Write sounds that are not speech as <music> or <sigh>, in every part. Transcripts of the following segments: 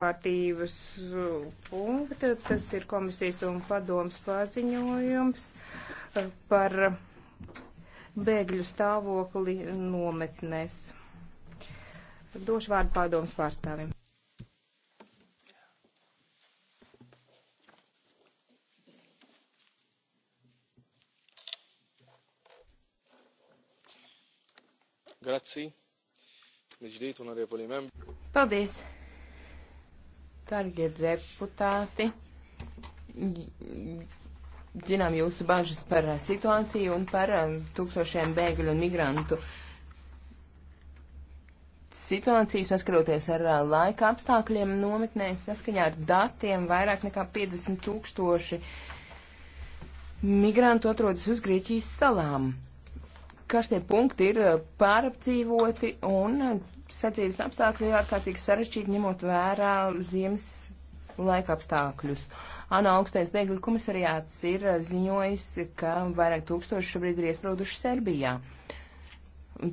kārtības punkta. Tas ir komisijas un padomas paziņojums e, par bēgļu stāvokli nometnēs. Došu vārdu padomas pārstāvim. Grazie. Paldies! Dargie deputāti, zinām jūsu bažas par eh, situāciju un par eh, tūkstošiem bēgļu un migrantu situāciju saskaroties ar eh, laika apstākļiem nometnēs saskaņā ar datiem vairāk nekā 50 tūkstoši migrantu atrodas uz Grieķijas salām karstie punkti ir pārapdzīvoti un sadzīves apstākļi ir ārkārtīgi sarežģīti, ņemot vērā ziemas laika apstākļus. ANO augstais bēgļu komisariāts ir ziņojis, ka vairāk tūkstoši šobrīd ir iesprūduši Serbijā.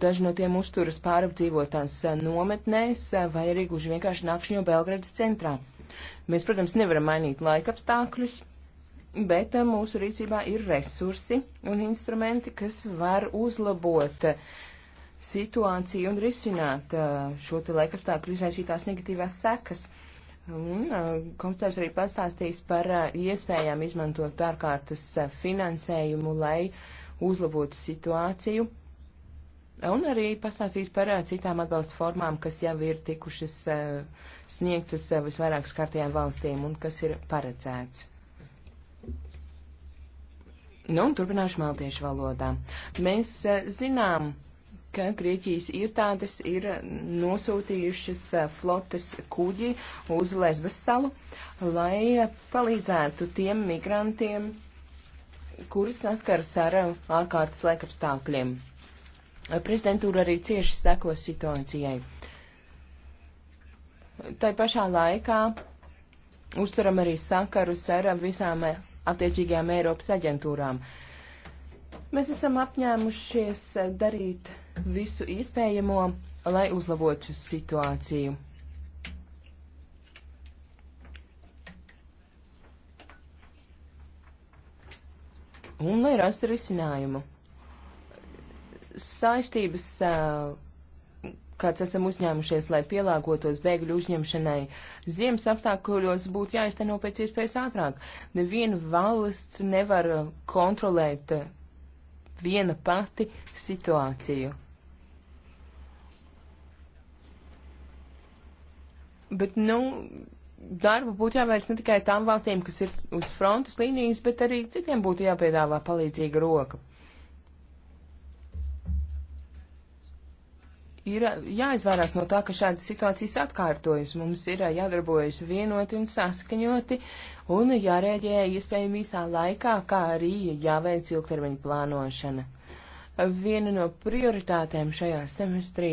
Daži no tiem uzturas pārapdzīvotās nometnēs vai arī gluži vienkārši nakšņo Belgradas centrā. Mēs, protams, nevaram mainīt laika apstākļus, bet mūsu rīcībā ir resursi un instrumenti, kas var uzlabot uh, situāciju un risināt uh, šo te laikrakstāku izraisītās negatīvās sekas. Un uh, komisārs arī pastāstīs par uh, iespējām izmantot ārkārtas finansējumu, lai uzlabotu situāciju. Un arī pastāstīs par citām atbalsta formām, kas jau ir tikušas sniegtas visvairāk skartajām valstīm un kas ir paredzēts. Nu, un turpināšu maltiešu valodā. Mēs zinām, ka Grieķijas iestādes ir nosūtījušas eh, flotes kuģi uz Lesbas salu, lai palīdzētu tiem migrantiem, kuri saskars ar eh, ārkārtas laikapstākļiem. Prezidentūra arī cieši seko situācijai. Tai pašā laikā uzturam arī sakarus ar visām eh, attiecīgajām Eiropas aģentūrām. Mēs esam apņēmušies darīt visu iespējamo, lai uzlabotu situāciju. Un lai rastu risinājumu. Saistības, kāds esam uzņēmušies, lai pielāgotos bēgļu uzņemšanai, ziemas apstākļos būtu jāizteno pēc iespējas ātrāk. Neviena valsts nevar kontrolēt viena pati situāciju. Bet, nu, darbu būtu jāveic ne tikai tām valstīm, kas ir uz frontes līnijas, bet arī citiem būtu jāpiedāvā palīdzīga roka. Ir jāizvairās no tā, ka šādas situācijas atkārtojas. Mums ir jādarbojas vienoti un saskaņoti un jārēģē iespējami īsā laikā, kā arī jāveic ilgtermiņa plānošana. Viena no prioritātēm šajā semestrī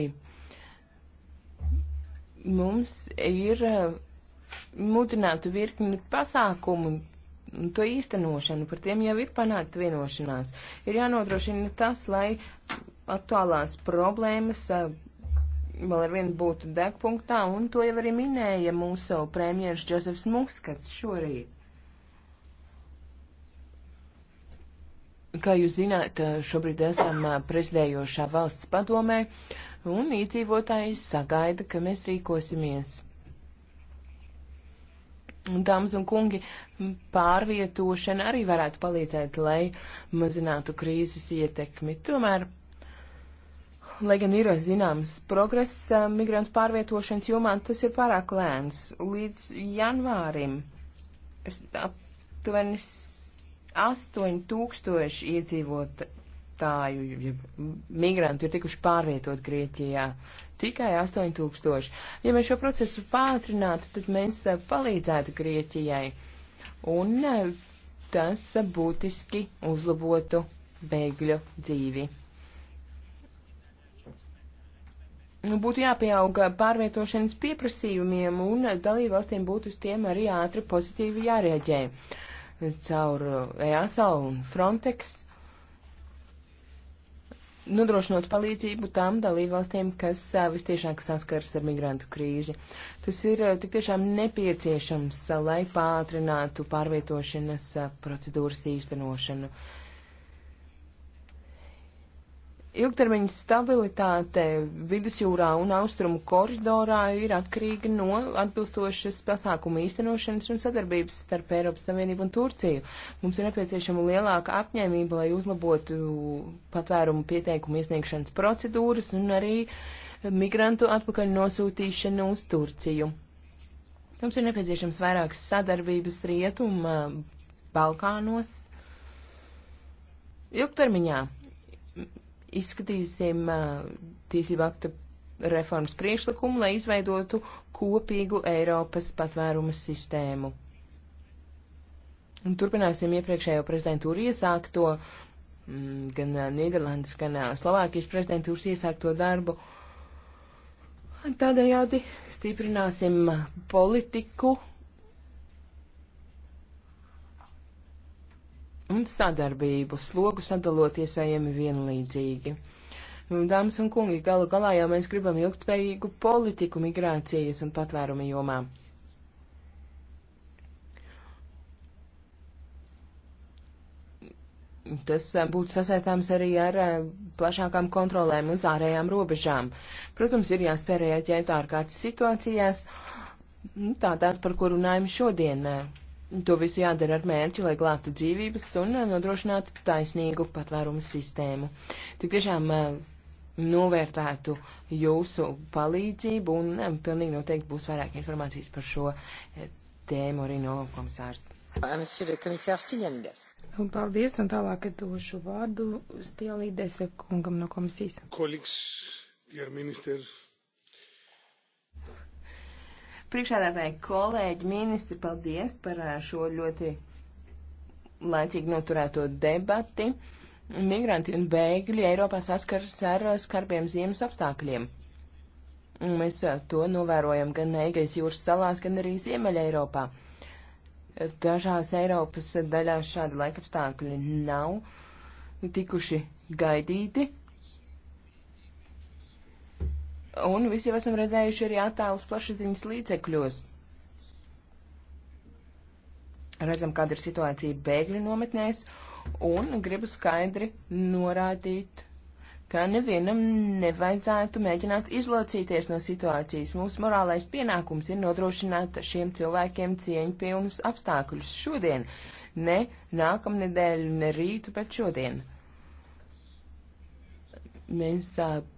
mums ir eh, mudinātu virkni pasākumu un to īstenošanu. Par tiem jau ir panākta vienošanās. Ir jānodrošina tas, lai aktuālās problēmas eh, vēl ar vienu būtu degpunktā, un to jau arī minēja mūsu premjeras Džozefs Muskats šorīt. Kā jūs zināt, eh, šobrīd esam prezidējošā valsts padomē, un iedzīvotāji sagaida, ka mēs rīkosimies. Un, dāmas un kungi, pārvietošana arī varētu palīdzēt, lai mazinātu krīzes ietekmi. Tomēr, lai gan ir zināms progress eh, migrantu pārvietošanas jomā, tas ir pārāk lēns. Līdz janvārim aptuveni 8000 iedzīvotāji iedzīvotāju, ja migrantu ir tikuši pārvietot Grieķijā. Tikai 8000. Ja mēs šo procesu pātrinātu, tad mēs eh, palīdzētu Grieķijai. Un eh, tas būtiski uzlabotu bēgļu dzīvi. Nu, būtu jāpieaug pārvietošanas pieprasījumiem, un dalībvalstīm būtu uz tiem arī ātri pozitīvi jārēģē. Caur eh, EASA un Frontex nodrošinot palīdzību tām dalībvalstīm, kas vistiešāk saskaras ar migrantu krīzi. Tas ir tik tiešām nepieciešams, lai pātrinātu pārvietošanas procedūras īstenošanu. Uh, Ilgtermiņa stabilitāte vidusjūrā un austrumu koridorā ir atkarīga no atbilstošas pasākuma īstenošanas un sadarbības starp Eiropas Savienību un Turciju. Mums ir nepieciešama lielāka apņēmība, lai uzlabotu patvērumu pieteikumu iesniegšanas procedūras un arī migrantu atpakaļ nosūtīšanu uz Turciju. Mums ir nepieciešams vairākas sadarbības rietuma Balkānos ilgtermiņā izskatīsim tiesību aktu reformas priekšlikumu, lai izveidotu kopīgu Eiropas patvērumu sistēmu. Un turpināsim iepriekšējo prezidentūru iesākto, mm, gan Nīderlandes, gan Slovākijas prezidentūras iesākto darbu. Tādējādi stiprināsim politiku un sadarbību, slogu sadalot iespējami vienlīdzīgi. Dāmas un kungi, galu galā jau mēs gribam ilgtspējīgu politiku migrācijas un patvēruma jomā. Tas eh, būtu sasaistāms arī ar eh, plašākām kontrolēm uz ārējām robežām. Protams, ir jāspēr rēķēt ārkārtas situācijās, nu, tādās, par kur runājam šodien. Nē. Eh. To visu jādara ar mērķi, lai glābtu dzīvības un eh, nodrošinātu taisnīgu patvērumu sistēmu. Tik tiešām eh, novērtētu jūsu palīdzību un eh, pilnīgi noteikti būs vairāk informācijas par šo tēmu arī no komisārs. Ah, un paldies, un tālāk došu vārdu Stielīdese kungam no komisijas. Kolīgs, ministers, Priekšādātāji kolēģi, ministri, paldies par šo ļoti laicīgi noturēto debati. Migranti un bēgļi Eiropā saskaras ar skarbiem ziemas apstākļiem. Mēs to novērojam gan Eigas jūras salās, gan arī Ziemeļa Eiropā. Dažās Eiropas daļās šādi laikapstākļi nav tikuši gaidīti, un visi jau esam redzējuši arī attēlus plašsaziņas līdzekļos. Redzam, kāda ir situācija bēgļu nometnēs, un gribu skaidri norādīt, ka nevienam nevajadzētu mēģināt izlocīties no situācijas. Mūsu morālais pienākums ir nodrošināt šiem cilvēkiem cieņu pilnus apstākļus šodien, ne nākamnedēļ, ne rītu, bet šodien mēs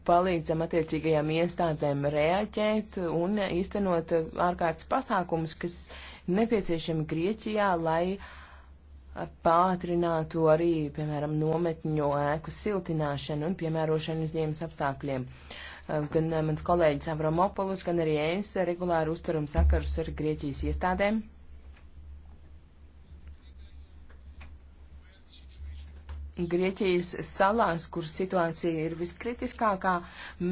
palīdzam attiecīgajām iestādēm reaģēt un īstenot ārkārtas pasākumus, kas nepieciešami Grieķijā, lai pātrinātu arī, piemēram, nometņu ēku siltināšanu un piemērošanu ziemas apstākļiem. Gan mans kolēģis Avramopoulos, gan arī es regulāri uzturam sakarus ar Grieķijas iestādēm. Grieķijas salās, kur situācija ir viskritiskākā,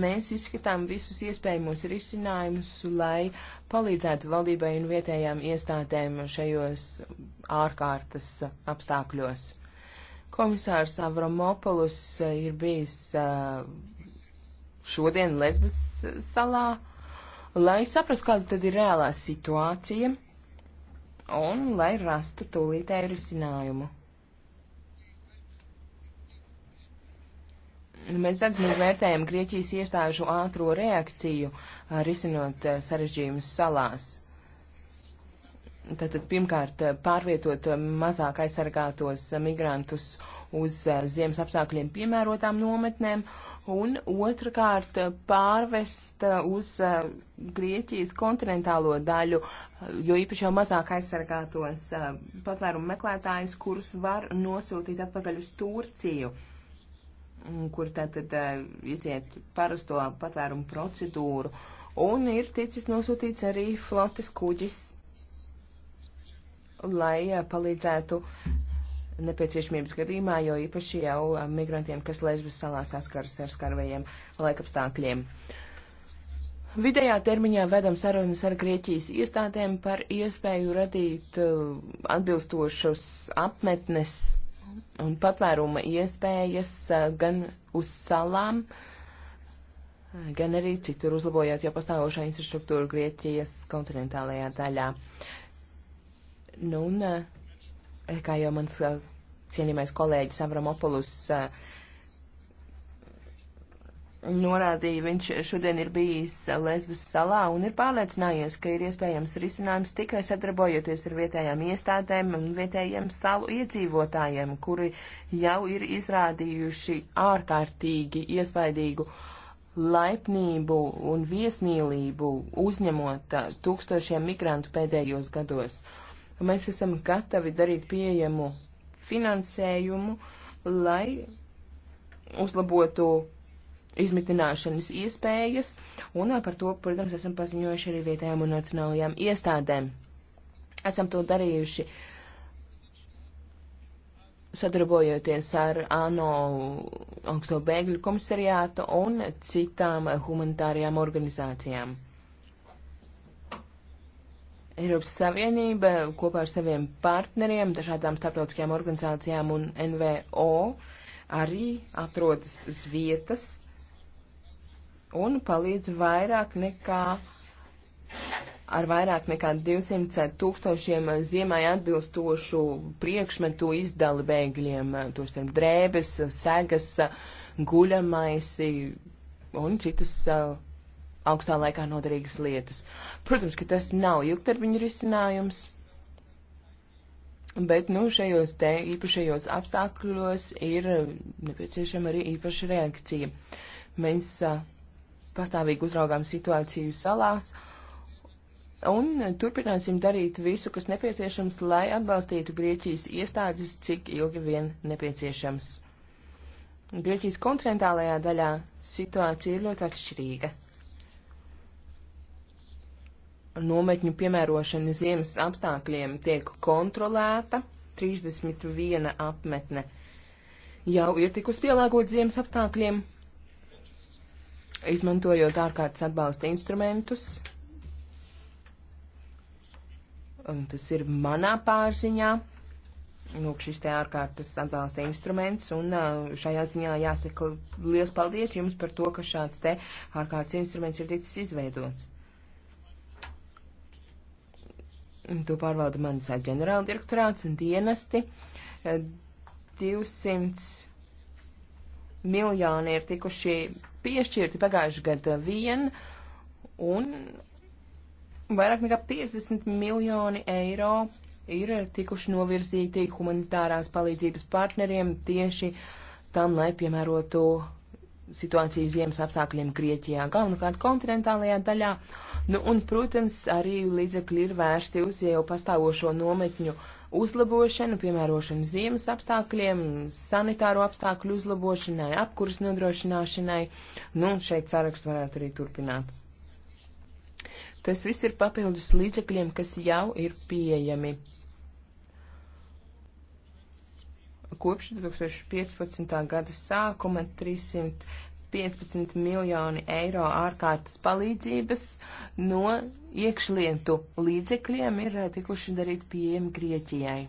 mēs izskatām visus iespējamos risinājumus, lai palīdzētu valdībai un vietējām iestādēm šajos ārkārtas apstākļos. Komisārs Avramopoulos ir bijis uh, šodien Lesbas salā, lai saprastu, kāda tad ir reālā situācija un lai rastu tūlītēju risinājumu. Nu, mēs atzinīgi vērtējam Grieķijas iestāžu ātro reakciju, risinot sarežģījumus salās. Tātad pirmkārt pārvietot mazāk aizsargātos migrantus uz ziemas apstākļiem piemērotām nometnēm, un otrkārt pārvest uz Grieķijas kontinentālo daļu, jo īpaši jau mazāk aizsargātos patvērumu meklētājus, kurus var nosūtīt atpakaļ uz Turciju kur tātad eh, iziet parasto patvērumu procedūru, un ir ticis nosūtīts arī flotes kuģis, lai eh, palīdzētu nepieciešamības gadījumā, jo īpaši jau eh, migrantiem, kas Lesbas salā saskaras ar skarvajiem laikapstākļiem. Vidējā termiņā vedam sarunas ar Grieķijas iestādēm par iespēju radīt atbilstošus apmetnes un patvēruma iespējas gan uz salām, gan arī citur uzlabojot jau pastāvošo infrastruktūru Grieķijas kontinentālajā daļā. Nu, un, kā jau mans cienījamais kolēģis Avramopoulos uh, norādīja, viņš šodien ir bijis Lesbas salā un ir pārliecinājies, ka ir iespējams risinājums tikai sadarbojoties ar vietējām iestādēm un vietējiem salu iedzīvotājiem, kuri jau ir izrādījuši ārkārtīgi iespaidīgu laipnību un viesmīlību uzņemot uh, tūkstošiem migrantu pēdējos gados. Mēs esam gatavi darīt pieejamu finansējumu, lai uzlabotu izmitināšanas iespējas, un par to, protams, esam paziņojuši arī vietējām un nacionālajām iestādēm. Esam to darījuši sadarbojoties ar ANO augsto bēgļu komisariātu un citām humanitārajām organizācijām. Eiropas Savienība kopā ar saviem partneriem, dažādām starptautiskajām organizācijām un NVO arī atrodas uz vietas un palīdz vairāk nekā ar vairāk nekā 200 tūkstošiem ziemai atbilstošu priekšmetu izdali bēgļiem, tos ir drēbes, segas, guļamaisi un citas uh, augstā laikā noderīgas lietas. Protams, ka tas nav ilgtermiņa risinājums, bet, nu, šajos te īpašajos apstākļos ir nepieciešama arī īpaša reakcija. Mēs uh, pastāvīgi uzraugām situāciju salās un turpināsim darīt visu, kas nepieciešams, lai atbalstītu Grieķijas iestādes, cik ilgi vien nepieciešams. Grieķijas kontinentālajā daļā situācija ir ļoti atšķirīga. Nometņu piemērošana ziemas apstākļiem tiek kontrolēta, 31 apmetne jau ir tikus pielāgot ziemas apstākļiem, izmantojot ārkārtas atbalsta instrumentus. Un tas ir manā pārziņā. Lūk, šis te ārkārtas atbalsta instruments, un šajā ziņā jāsaka liels paldies jums par to, ka šāds te ārkārtas instruments ir ticis izveidots. To pārvalda manis ģenerāla direktorāts un dienesti. 200 miljoni ir tikuši piešķirti pagājuši gadu vien, un vairāk nekā 50 miljoni eiro ir tikuši novirzīti humanitārās palīdzības partneriem tieši tam, lai piemērotu situāciju ziemas apstākļiem Grieķijā, galvenokārt kontinentālajā daļā. Nu, un, protams, arī līdzekļi ir vērsti uz jau pastāvošo nometņu uh, uzlabošanu, piemērošanu ziemas apstākļiem, sanitāro apstākļu uzlabošanai, apkuras nodrošināšanai, nu un šeit sarakstu varētu arī turpināt. Tas viss ir papildus līdzekļiem, kas jau ir pieejami. Kopš 2015. gada sākuma 300 15 miljoni eiro ārkārtas palīdzības no iekšlietu līdzekļiem ir eh, tikuši darīt pieejami Grieķijai.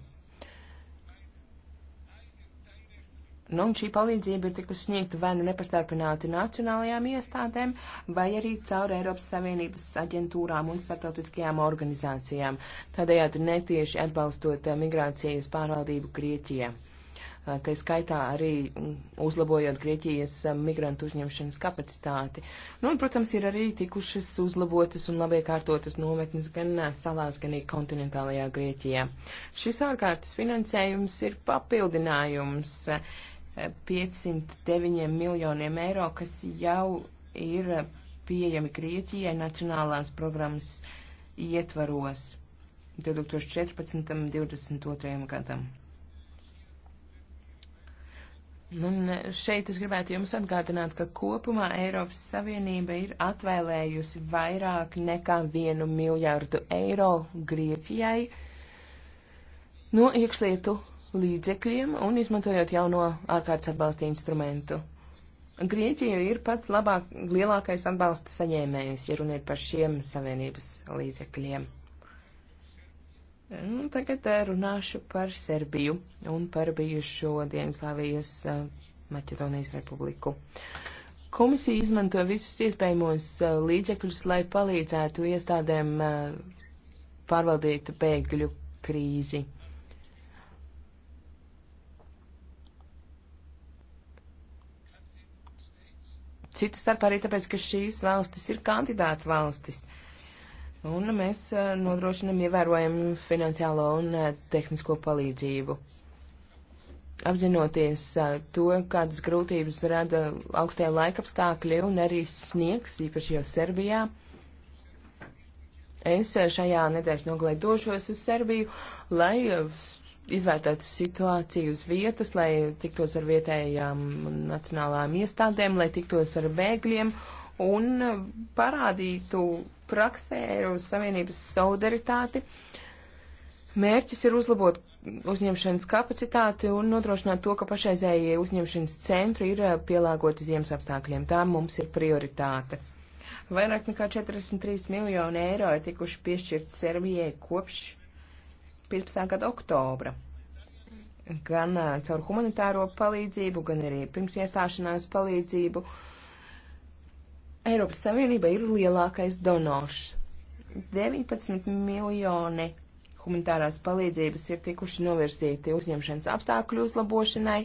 Nu, un šī palīdzība ir tikusi sniegta vai nu nepastarpināti nacionālajām iestādēm, vai arī caur Eiropas Savienības aģentūrām un starptautiskajām organizācijām, tādējādi netieši atbalstot eh, migrācijas pārvaldību Grieķijai tai skaitā arī uzlabojot Grieķijas migrantu uzņemšanas kapacitāti. Nu, un, protams, ir arī tikušas uzlabotas un labiekārtotas nometnes gan salās, gan arī kontinentālajā Grieķijā. Šis ārkārtas finansējums ir papildinājums 509 miljoniem eiro, kas jau ir pieejami Grieķijai nacionālās programmas ietvaros 2014. un 2022. gadam. Un nu, šeit es gribētu jums atgādināt, ka kopumā Eiropas Savienība ir atvēlējusi vairāk nekā vienu miljārdu eiro Grieķijai no iekšlietu līdzekļiem un izmantojot jauno ārkārtas atbalsta instrumentu. Grieķija ir pats labāk, lielākais atbalsta saņēmējs, ja runa ir par šiem savienības līdzekļiem. Nu, tagad eh, runāšu par Serbiju un par bijušo Dienaslāvijas eh, Maķedonijas republiku. Komisija izmanto visus iespējamos eh, līdzekļus, lai palīdzētu iestādēm pārvaldīt bēgļu krīzi. Cita starpā arī tāpēc, ka šīs valstis ir kandidātu valstis. Uh, Un mēs eh, nodrošinam ievērojumu finansiālo un eh, tehnisko palīdzību. Apzinoties eh, to, kādas grūtības rada augstie laikapstākļi un arī sniegs, īpaši jau Serbijā, es šajā nedēļas nogalē došos uz Serbiju, lai izvērtētu situāciju uz vietas, lai tiktos ar vietējām nacionālām iestādēm, lai tiktos ar bēgļiem un parādītu praksē Eiropas Savienības solidaritāti. Mērķis ir uzlabot uzņemšanas kapacitāti un nodrošināt to, ka pašreizējie uzņemšanas centri ir pielāgoti ziemas apstākļiem. Tā mums ir prioritāte. Vairāk nekā 43 miljoni eiro ir tikuši piešķirti Serbijai kopš 15. gada oktobra. Gan caur humanitāro palīdzību, gan arī pirms iestāšanās palīdzību. Uh, Eiropas Savienība ir lielākais donors. 19 miljoni humanitārās palīdzības ir tikuši novirzīti uzņemšanas apstākļu uzlabošanai,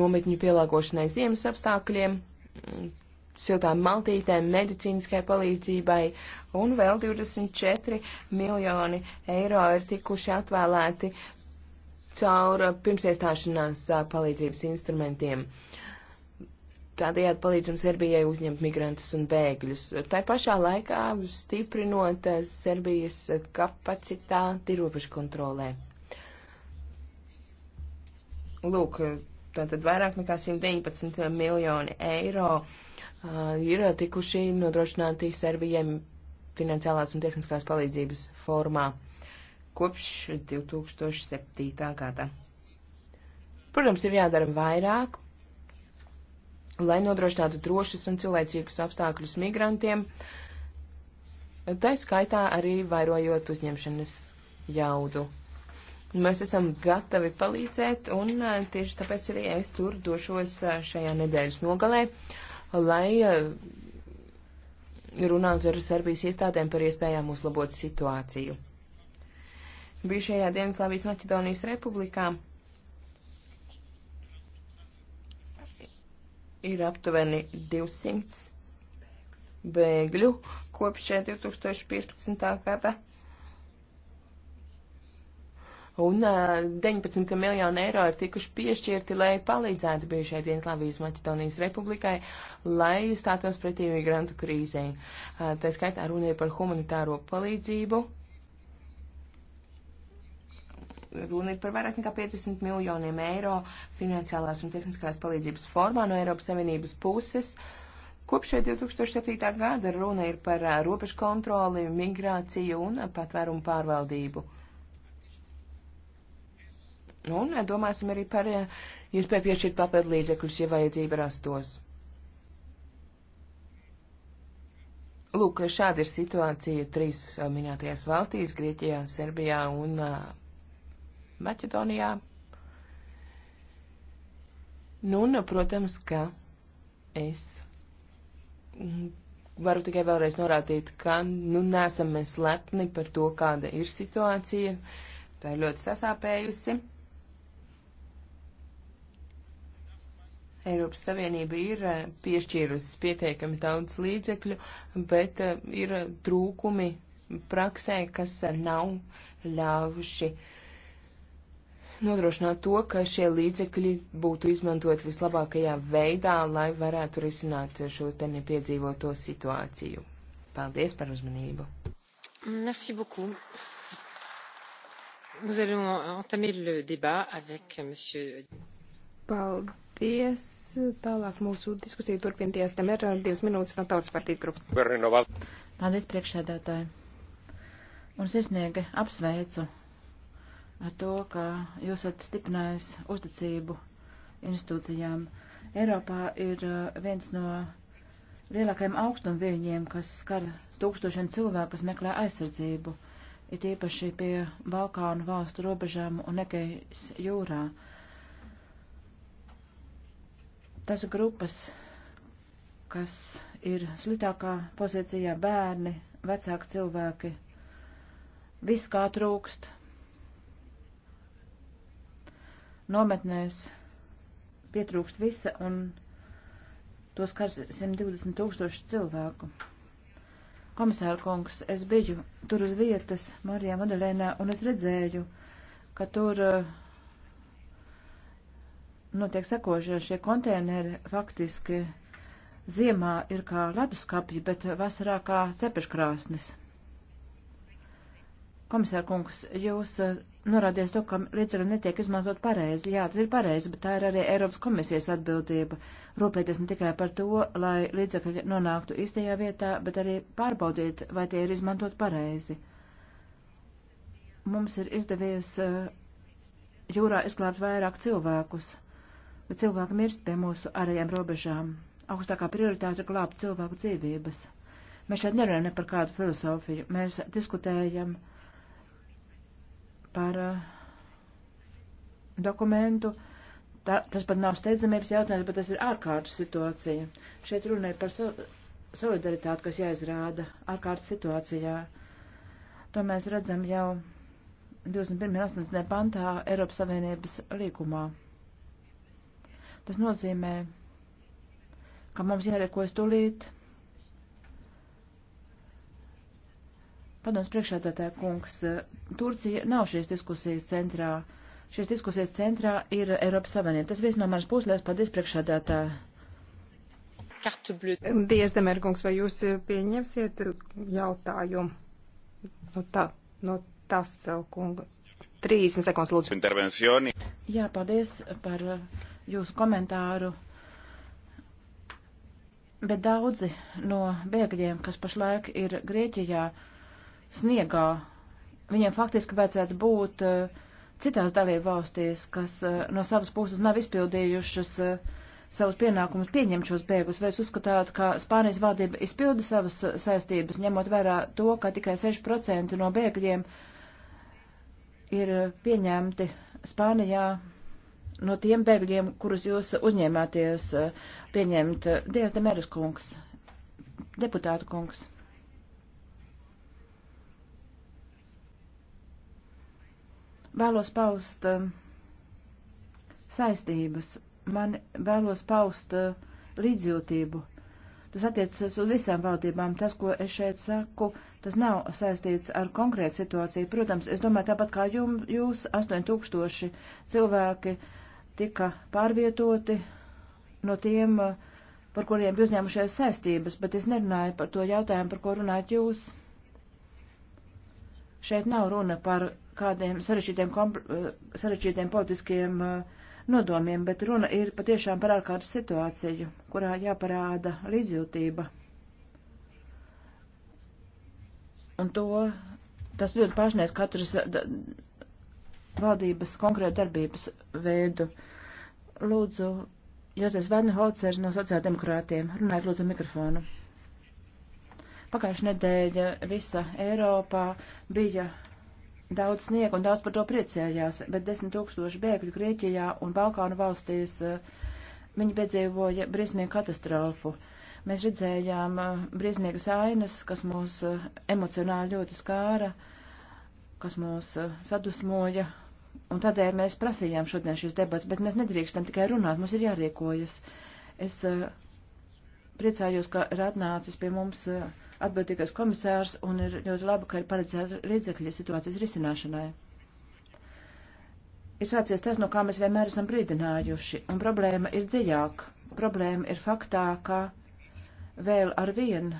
nometņu pielāgošanai ziemas apstākļiem, siltām maltītēm, medicīniskai palīdzībai, un vēl 24 miljoni eiro ir tikuši atvēlēti caur pirmsiestāšanās palīdzības instrumentiem. Uh, Tādējādi palīdzam Serbijai uzņemt migrantus un bēgļus. Tā pašā laikā stiprinot eh, Serbijas kapacitāti robežu kontrolē. Lūk, tātad vairāk nekā 119 miljoni eiro uh, ir tikuši nodrošināti Serbijai finansiālās un tehniskās palīdzības formā kopš 2007. gada. Protams, ir jādara vairāk, lai nodrošinātu drošus un cilvēcīgus apstākļus migrantiem, tā skaitā arī vairojot uzņemšanas jaudu. Mēs esam gatavi palīdzēt, un e, tieši tāpēc arī es tur došos e, šajā nedēļas nogalē, lai e, runātu ar Serbijas iestādēm par iespējām uzlabot situāciju. Bijušajā Dienvidslāvijas Maķedonijas republikā ir aptuveni 200 bēgļu kopš 2015. gada. Un uh, 19 miljoni eiro ir tikuši piešķirti, lai palīdzētu bijušajai Dienslāvijas Maķedonijas republikai, lai stātos pretī migrantu krīzē. Uh, tā skaitā runa ir par humanitāro palīdzību Runa ir par vairāk nekā 50 miljoniem eiro finansiālās un tehniskās palīdzības formā no Eiropas Savienības puses. Kopš 2007. gada runa ir par robežu kontroli, migrāciju un patvērumu pārvaldību. Un domāsim arī par iespēju piešķirt papildu līdzekļus, ja vajadzība rastos. Lūk, šāda ir situācija trīs minētajās valstīs - Grieķijā, Serbijā un Maķedonijā. Nu, un, protams, ka es varu tikai vēlreiz norādīt, ka, nu, nesam mēs lepni par to, kāda ir situācija. Tā ir ļoti sasāpējusi. Eiropas Savienība ir eh, piešķīrusi pietiekami daudz līdzekļu, bet eh, ir trūkumi praksē, kas nav ļāvuši uh, nodrošināt to, ka šie līdzekļi būtu izmantot vislabākajā veidā, lai varētu risināt šo te nepiedzīvoto situāciju. Paldies par uzmanību. Merci beaucoup. Nous allons entamer le débat avec monsieur. Paldies. Tālāk mūsu diskusija turpināties. Tam ir uh, divas minūtes no tautas partijas grupas. Paldies priekšsēdētāji. Un sirsniegi apsveicu ar to, ka jūs esat stiprinājis uzticību institūcijām. Eiropā ir eh, viens no lielākajiem augstumviļņiem, kas skar tūkstošiem cilvēku, kas meklē aizsardzību, ir īpaši pie Balkānu valstu robežām un Egejas jūrā. Tas grupas, kas ir slitākā pozīcijā bērni, vecāki cilvēki, viss kā trūkst, nometnēs pietrūkst visa un to skars 120 tūkstoši cilvēku. Komisāra kungs, es biju tur uz vietas Marijā Madalēnā un es redzēju, ka tur uh, notiek sekošie šie konteineri faktiski ziemā ir kā leduskapji, bet vasarā kā cepeškrāsnes. Komisāra kungs, jūs uh, norādījis to, ka līdzekļi netiek izmantot pareizi. Jā, tas ir pareizi, bet tā ir arī Eiropas komisijas atbildība rūpēties ne tikai par to, lai līdzekļi nonāktu īstajā vietā, bet arī pārbaudīt, vai tie ir izmantot pareizi. Mums ir izdevies eh, jūrā izglābt vairāk cilvēkus, bet cilvēki mirst pie mūsu ārējām robežām. Augstākā prioritāte ir glābt cilvēku dzīvības. Mēs šeit nerunājam par kādu filozofiju, mēs diskutējam par par eh, dokumentu. Tā, tas pat nav steidzamības jautājums, bet tas ir ārkārtas situācija. Šeit runāja par so, solidaritāti, kas jāizrāda ārkārtas situācijā. To mēs redzam jau 21.18. pantā Eiropas Savienības līkumā. Tas nozīmē, ka mums jārīkojas tūlīt Padoms priekšētātāja kungs, eh, Turcija nav šīs diskusijas centrā. Šīs diskusijas centrā ir Eiropas Savienība. Tas viss no manas puslēs. Paldies priekšētātāja. Dievs, Demērkungs, vai jūs eh, pieņemsiet eh, jautājumu no tā, no tas kunga? 30 sekundes lūdzu. Intervencioni. Jā, paldies par jūsu komentāru. Bet daudzi no bēgļiem, kas pašlaik ir Grieķijā, uh, sniegā. Viņiem faktiski vajadzētu būt uh, citās dalību valstīs, kas uh, no savas puses nav izpildījušas uh, savus pienākumus pieņemt šos bēgus. Vai jūs uzskatāt, ka Spānijas valdība izpilda savas saistības, ņemot vērā to, ka tikai 6% no bēgļiem ir pieņemti Spānijā? No tiem bēgļiem, kurus jūs uzņēmāties pieņemt, Dievs Demeris kungs, deputāta kungs. vēlos paust uh, saistības, man vēlos paust uh, līdzjūtību. Tas attiecas uz visām valdībām. Tas, ko es šeit saku, tas nav saistīts ar konkrētu situāciju. Protams, es domāju, tāpat kā jum, jūs, 8000 cilvēki tika pārvietoti no tiem, uh, par kuriem bija uzņēmušies saistības, bet es nerunāju par to jautājumu, par ko runājat jūs. Šeit nav runa par kādiem sarežģītiem, eh, sarežģītiem politiskiem eh, nodomiem, bet runa ir patiešām par ārkārtas situāciju, kurā jāparāda līdzjūtība. Un to tas ļoti pašniec katras eh, valdības konkrēta darbības veidu. Lūdzu, Jozefs Venhocer no sociāldemokrātiem, runājiet lūdzu mikrofonu. Pagājušajā nedēļa visa Eiropā bija daudz sniega un daudz par to priecējās, bet desmit tūkstoši bēgļu Grieķijā un Balkānu valstīs eh, viņi piedzīvoja briesmīgu katastrofu. Mēs redzējām eh, briesmīgas ainas, kas mūs eh, emocionāli ļoti skāra, kas mūs sadusmoja, un tādēļ mēs prasījām šodien šīs debats, bet mēs nedrīkstam tikai runāt, mums ir jārīkojas. Es priecājos, ka ir atnācis pie mums uh, atbildīgais komisārs un ir ļoti labi, ka ir paredzēta līdzekļi situācijas risināšanai. Ir sācies tas, no kā mēs vienmēr esam brīdinājuši, un problēma ir dziļāk. Problēma ir faktā, ka vēl ar vienu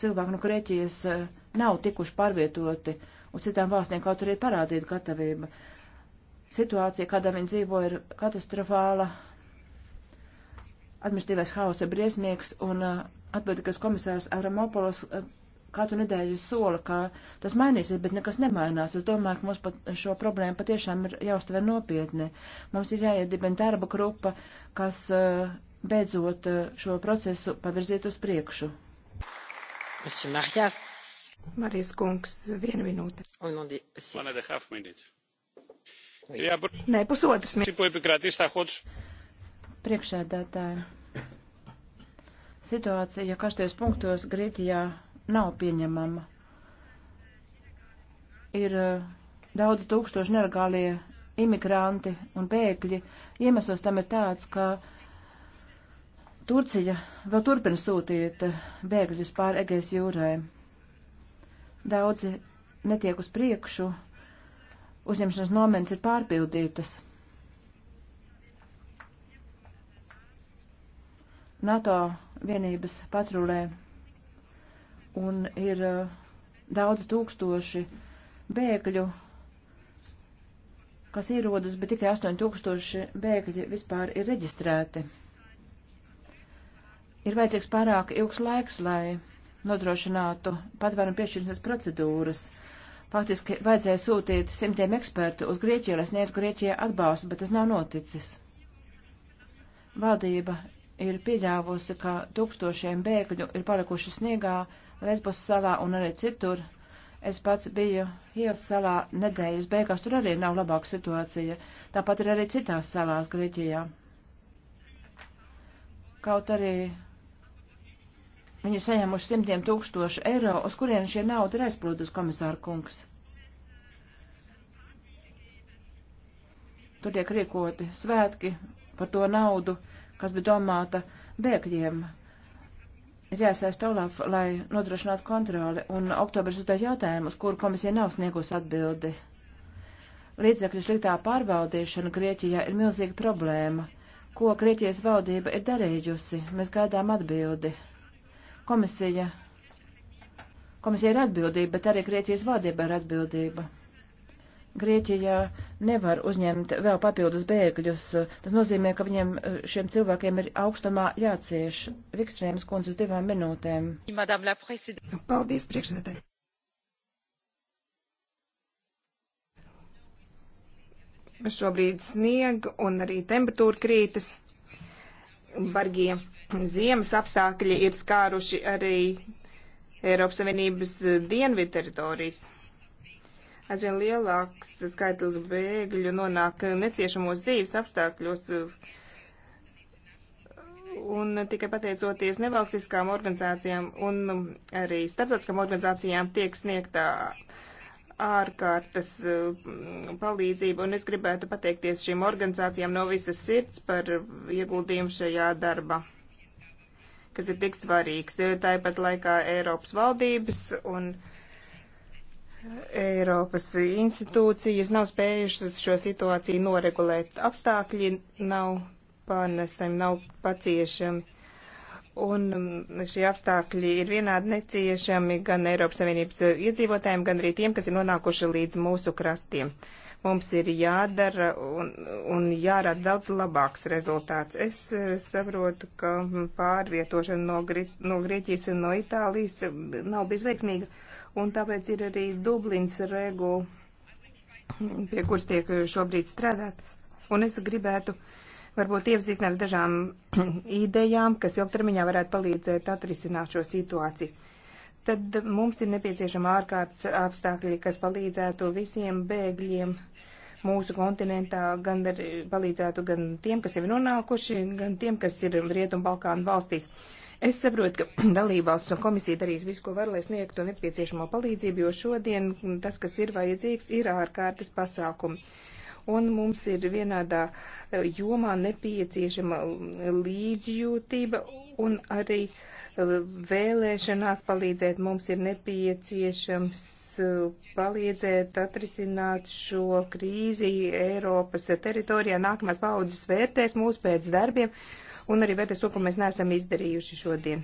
cilvēku no Grieķijas eh, nav tikuši pārvietoti uz citām valstīm, kaut arī ir parādīta gatavība. Situācija, kādā viņi dzīvo, ir katastrofāla, administratīvais haoss ir briesmīgs, un uh, atbildīgais komisārs Aramopolos eh, katru nedēļu sola, ka tas mainīsies, bet nekas nemainās. Es domāju, ka mums pat šo problēmu patiešām ir jāuztver nopietni. Mums ir jāiedibina darba grupa, kas eh, beidzot eh, šo procesu pavirziet uz priekšu. Marijas. Marijas kungs, viena minūte. One and a half minute. Nē, pusotras minūtes. Priekšsēdētāji Situācija karstajos punktos Grieķijā nav pieņemama. Ir eh, daudz tūkstoši nelegālie imigranti un bēgļi. Iemesls tam ir tāds, ka Turcija vēl turpina sūtīt eh, bēgļus pār Egejas jūrē. Daudzi netiek uz priekšu, uzņemšanas nomens ir pārpildītas. NATO vienības patrulē un ir uh, daudz tūkstoši bēgļu, kas ierodas, bet tikai 8000 bēgļi vispār ir reģistrēti. Ir vajadzīgs pārāk ilgs laiks, lai nodrošinātu patvērumu piešķiršanas procedūras. Faktiski vajadzēja sūtīt simtiem ekspertu uz Grieķiju, lai sniegtu Grieķijai atbalstu, bet tas nav noticis. Valdība ir pieļāvusi, ka tūkstošiem bēgļu ir palikuši sniegā Lesbos salā un arī citur. Es pats biju Hievas salā nedēļas beigās, tur arī nav labāka situācija. Tāpat ir arī citās salās Grieķijā. Kaut arī viņi saņēmuši simtiem tūkstošu eiro, uz kurien šie nauda ir aizplūdus, komisāra kungs. Tur tiek rīkoti svētki par to naudu, kas bija domāta bēgļiem. Ir jāsaist Olaf, lai nodrošinātu kontroli, un oktobris uzdev jautājumu, uz kuru komisija nav sniegusi atbildi. Līdzekļu sliktā pārvaldīšana Grieķijā ir milzīga problēma. Ko Grieķijas valdība ir darījusi? Mēs gaidām atbildi. Komisija. Komisija ir atbildība, bet arī Grieķijas valdība ir atbildība. Grieķijā nevar uzņemt vēl papildus bēgļus. Tas nozīmē, ka viņiem eh, šiem cilvēkiem ir augstumā jācieš. Vikstrēmas kundze uz divām minūtēm. Paldies, priekšsēdētāji. Šobrīd snieg un arī temperatūra krītas. Bargie ziemas apstākļi ir skāruši arī Eiropas Savienības dienvidu teritorijas. Arvien lielāks skaitlis bēgļu nonāk neciešamos dzīves apstākļos. Un tikai pateicoties nevalstiskām organizācijām un arī starptautiskām organizācijām tiek sniegtā ārkārtas mm, palīdzība. Un es gribētu pateikties šīm organizācijām no visas sirds par ieguldījumu šajā darbā kas ir tik svarīgs. Tāpat laikā Eiropas valdības un uh, Eiropas institūcijas nav spējušas šo situāciju noregulēt. Apstākļi nav pārnesami, nav paciešami. Un mm, šie apstākļi ir vienādi neciešami gan Eiropas Savienības eh, iedzīvotājiem, gan arī tiem, kas ir nonākuši līdz mūsu krastiem. Mums ir jādara un, un jārada daudz labāks rezultāts. Es eh, saprotu, ka pārvietošana no, Gri no Grieķijas un no Itālijas eh, nav bezveiksmīga. Uh, un tāpēc ir arī Dublins regula, pie kuras tiek šobrīd strādāt. Un es gribētu varbūt iepazīstināt ar dažām <clears throat> idejām, kas ilgtermiņā varētu palīdzēt atrisināt šo situāciju. Tad mums ir nepieciešama ārkārtas apstākļi, kas palīdzētu visiem bēgļiem mūsu kontinentā, gan arī palīdzētu gan tiem, kas jau ir nonākuši, gan tiem, kas ir Rietumbalkānu valstīs. Uh, Es saprotu, ka <clears throat> dalībvalsts un komisija darīs visu, ko var, lai sniegtu nepieciešamo palīdzību, jo šodien tas, kas ir vajadzīgs, ir ārkārtas pasākumi. Un mums ir vienādā eh, jomā nepieciešama līdzjūtība un arī eh, vēlēšanās palīdzēt. Mums ir nepieciešams eh, palīdzēt atrisināt šo krīzi Eiropas teritorijā. Nākamās paudzes vērtēs mūsu pēc darbiem un arī vērties to, ko mēs neesam izdarījuši šodien.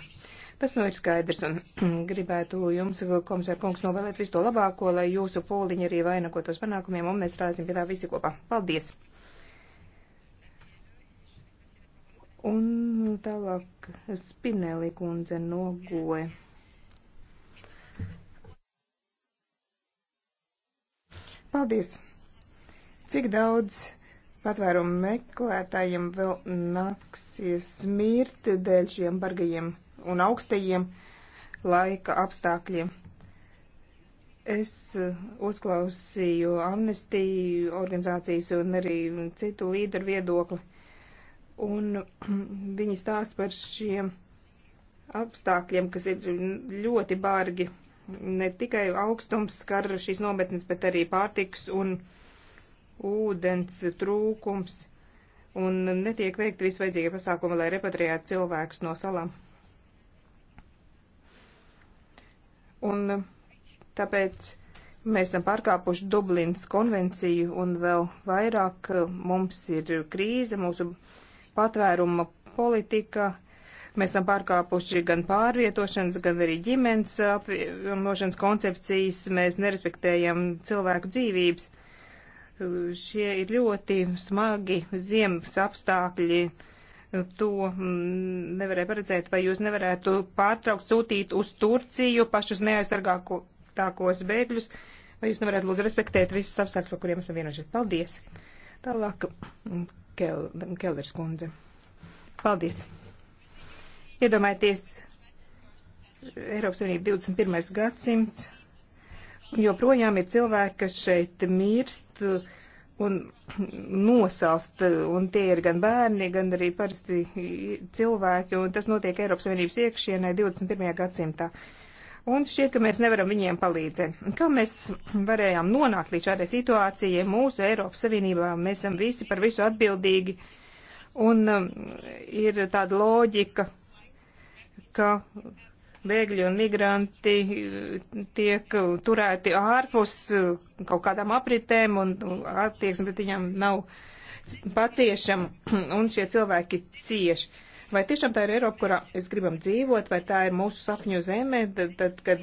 Tas nu ir skaidrs, un <clears throat> gribētu jums, komisār kungs, novēlēt visu to labāko, lai jūsu pūliņi arī vainagotos panākumiem, un mēs strādāsim pie tā visi kopā. Paldies! Un tālāk Spinelli kundze nogoja. Paldies! Cik daudz patvērumu meklētājiem vēl nāksies mirt dēļ šiem bargajiem un augstajiem laika apstākļiem. Es uh, uzklausīju amnestiju organizācijas un arī citu līderu viedokli, un <clears throat> viņi stāsta par šiem apstākļiem, kas ir ļoti bargi. Ne tikai augstums skar šīs nometnes, bet arī pārtiks un uh, ūdens trūkums un netiek veikti visvajadzīgie pasākumi, lai repatriētu cilvēkus no salām. Un tāpēc mēs esam pārkāpuši Dublinas konvenciju un vēl vairāk mums ir krīze, mūsu patvēruma politika. Mēs esam pārkāpuši gan pārvietošanas, gan arī ģimenes apvienošanas koncepcijas. Mēs nerespektējam cilvēku dzīvības. Šie ir ļoti smagi ziemas apstākļi. To mm, nevarēja paredzēt, vai jūs nevarētu pārtraukt sūtīt uz Turciju pašus neaizsargātākos bēgļus, vai jūs nevarētu lūdzu respektēt visus apstākļus, par kuriem esam vienojušies. Paldies! Tālāk, mm, Kel, Kellers kundze. Paldies! Iedomājieties, Eiropas Savienība 21. gadsimts joprojām ir cilvēki, kas šeit mirst un nosalst, un tie ir gan bērni, gan arī parasti cilvēki, un tas notiek Eiropas Savienības iekšienē 21. gadsimtā. Un šķiet, ka mēs nevaram viņiem palīdzēt. Kā mēs varējām nonākt līdz šādai situācijai mūsu Eiropas Savienībā? Mēs esam visi par visu atbildīgi, un um, ir tāda loģika, ka bēgļi un migranti eh, tiek turēti ārpus eh, kaut kādām apritēm un attieksme pret viņiem nav paciešama <clears throat> un šie cilvēki cieši. Vai tiešām tā ir Eiropa, kurā mēs gribam dzīvot, vai tā ir mūsu sapņu zeme, tad, tad kad,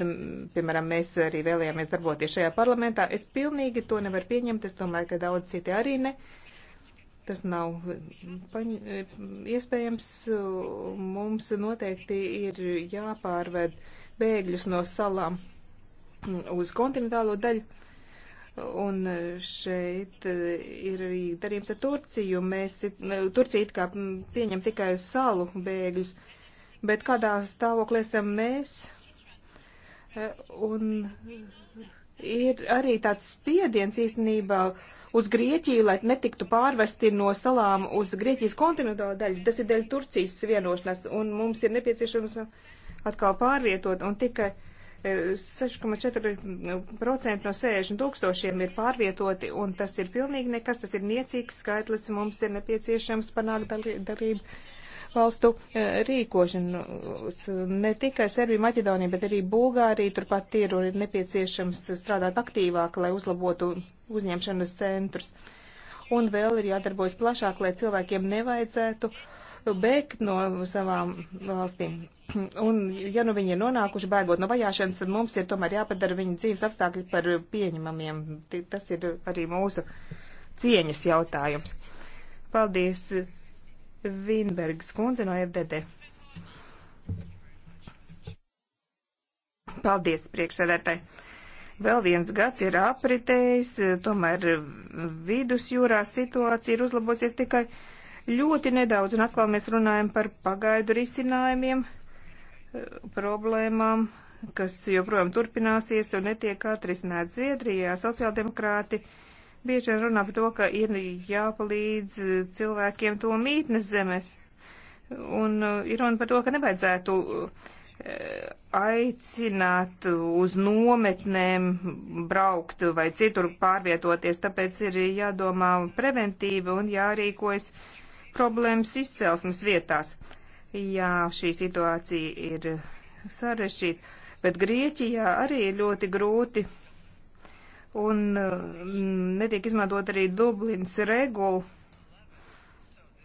piemēram, mēs arī vēlējāmies darboties šajā parlamentā, es pilnīgi to nevaru pieņemt, es domāju, ka daudz citi arī ne. Uh, tas nav iespējams. Mums noteikti ir jāpārved bēgļus no salām uz kontinentālo daļu. Un šeit ir arī darījums ar Turciju. Mēs, Turcija it kā pieņem tikai uz salu bēgļus, bet kādā stāvoklī esam mēs? Un ir arī tāds spiediens īstenībā uh, uz Grieķiju, lai netiktu pārvesti no salām uz Grieķijas kontinentālo daļu. Tas ir dēļ Turcijas vienošanās, un mums ir nepieciešams atkal pārvietot, un tikai 6,4% e, no 60 tūkstošiem ir pārvietoti, un tas ir pilnīgi nekas, tas ir niecīgs skaitlis, mums ir nepieciešams panākt dalību valstu e, rīkošanos. Ne tikai Serbija, Maķedonija, bet arī Bulgārija turpat ir un ir nepieciešams strādāt aktīvāk, lai uzlabotu uzņemšanas centrus. Un vēl ir jādarbojas plašāk, lai cilvēkiem nevajadzētu bēgt no savām valstīm. Un, ja nu viņi ir nonākuši bēgot no vajāšanas, tad mums ir tomēr jāpadara viņu dzīves apstākļi par pieņemamiem. Tas ir arī mūsu cieņas jautājums. Paldies! Vinbergas kundze no FDD. Paldies, priekšsēdētāji. Vēl viens gads ir apritējis, tomēr vidusjūrā situācija ir uzlabosies tikai ļoti nedaudz, un atkal mēs runājam par pagaidu risinājumiem, problēmām, kas joprojām turpināsies un netiek atrisināt Zviedrijā. Sociāldemokrāti uh, Bieži vien runā par to, ka ir jāpalīdz cilvēkiem to mītnes zemes. Un uh, ir runa par to, ka nevajadzētu uh, aicināt uz nometnēm braukt vai citur pārvietoties, tāpēc ir jādomā preventīvi un jārīkojas problēmas izcelsmes vietās. Jā, šī situācija ir sarežģīta, bet Grieķijā arī ir ļoti grūti un mm, netiek izmantot arī Dublins regula.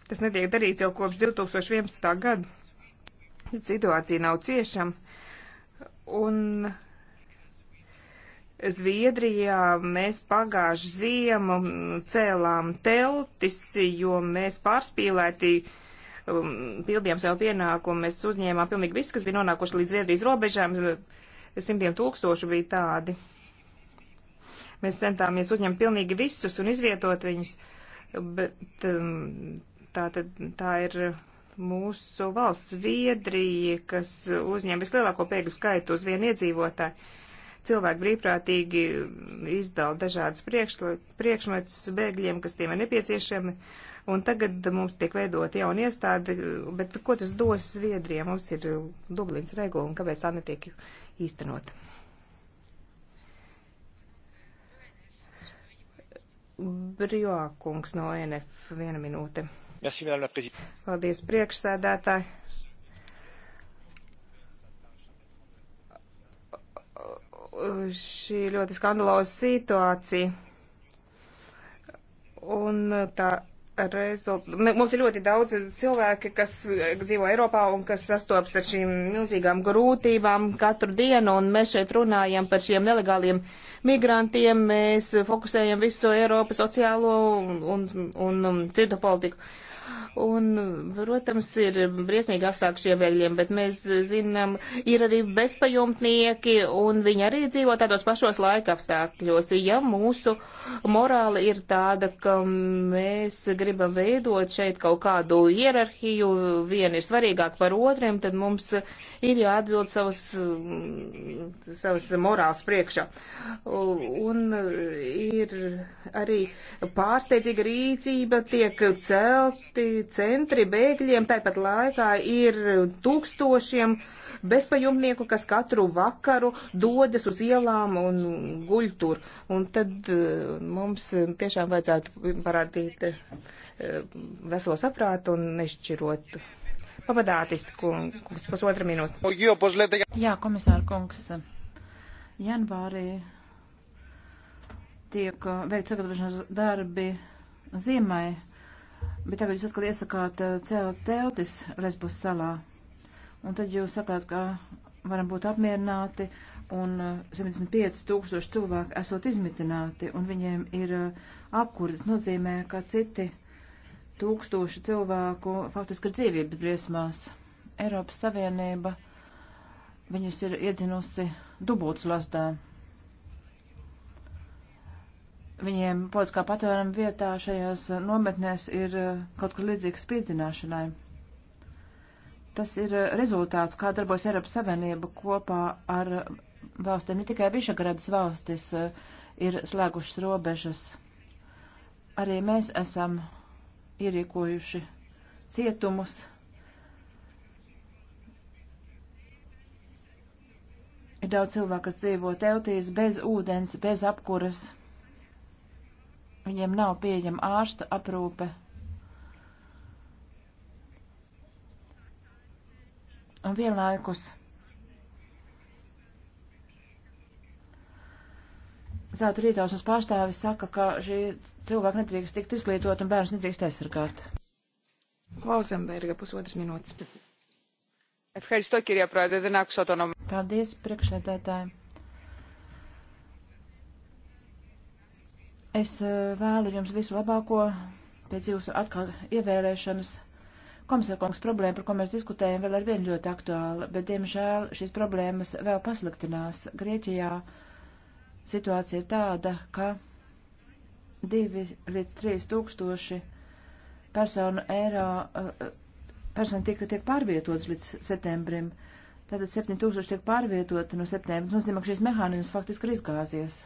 Tas netiek darīts jau kopš 2011. gada. Situācija nav ciešama. Un Zviedrijā mēs pagājuši ziemu cēlām teltis, jo mēs pārspīlētī um, pildījām savu pienākumu. Mēs uzņēmām pilnīgi viss, kas bija nonākuši līdz Zviedrijas robežām. Simtiem tūkstošu bija tādi. Mēs centāmies uzņemt pilnīgi visus un izvietot viņus, bet um, tā, tad, tā ir mūsu valsts Zviedrija, kas uzņem vislielāko pēkļu skaitu uz vienu iedzīvotāju. Cilvēki brīvprātīgi izdala dažādas priekšmetus bēgļiem, kas tiem ir nepieciešami, un tagad mums tiek veidot jauna iestāde, bet ko tas dos Zviedrijai? Mums ir Dublins regula, un kāpēc tā netiek īstenota? Brjā kungs no NF, viena minūte. Merci, Paldies, priekšsēdētāji. Šī ļoti skandaloza situācija. Un tā rezult... Mums ir ļoti daudz cilvēki, kas eh, dzīvo Eiropā un kas sastopas ar šīm milzīgām grūtībām katru dienu, un mēs šeit runājam par šiem nelegāliem migrantiem, mēs fokusējam visu Eiropas sociālo un, un, un um, citu politiku. Uh, Un, protams, ir briesmīgi apstākļi šiem bēgļiem, bet mēs zinām, ir arī bezpajumtnieki, un viņi arī dzīvo tādos pašos laika apstākļos. Ja mūsu morāla ir tāda, ka mēs gribam veidot šeit kaut kādu hierarhiju, viena ir svarīgāka par otriem, tad mums ir jāatbild savas, savas morāls priekšā. Un ir arī pārsteidzīga rīcība tiek celt slēgti centri bēgļiem, tāpat laikā ir tūkstošiem bezpajumtnieku, kas katru vakaru dodas uz ielām un guļ tur. Un tad eh, mums tiešām vajadzētu parādīt eh, veselo saprātu un nešķirot. Papadātis kungs, pusotra minūte. Jā, komisāra kungs, janvārī tiek eh, veikts sagatavošanas darbi ziemai Bet tagad jūs atkal iesakāt eh, celt teltis Lesbos salā. Un tad jūs sakāt, ka varam būt apmierināti un 75 eh, tūkstoši cilvēku esot izmitināti un viņiem ir eh, apkurdes nozīmē, ka citi tūkstoši cilvēku faktiski ir dzīvības briesmās. Eiropas Savienība viņus ir iedzinusi dubultas lasdā viņiem politiskā patvēruma vietā šajās nometnēs ir eh, kaut kas līdzīgs spīdzināšanai. Tas ir eh, rezultāts, kā darbojas Eiropas Savienība kopā ar valstīm. Ne tikai Višagradas valstis eh, ir slēgušas robežas. Arī mēs esam ierīkojuši cietumus. Ir daudz cilvēku, kas dzīvo teltīs bez ūdens, bez apkuras viņiem nav pieejama ārsta aprūpe. Un vienlaikus Zelta rītaušas pārstāvis saka, ka šī cilvēka nedrīkst tikt izglītot un bērns nedrīkst aizsargāt. Valzemberga pusotras minūtes. Paldies, priekšsēdētāji. Es eh, vēlu jums visu labāko pēc jūsu atkal ievēlēšanas. Komisārkungs problēma, par ko mēs diskutējam, vēl ar vienu ļoti aktuāla, bet, diemžēl, šīs problēmas vēl pasliktinās. Grieķijā situācija ir tāda, ka 2 līdz 3 tūkstoši personu eiro eh, personu tika, tiek pārvietotas līdz septembrim. Tātad 7 tūkstoši tiek pārvietota no septembra. Tas nozīmē, ka šis mehānisms faktiski ir izgāzies.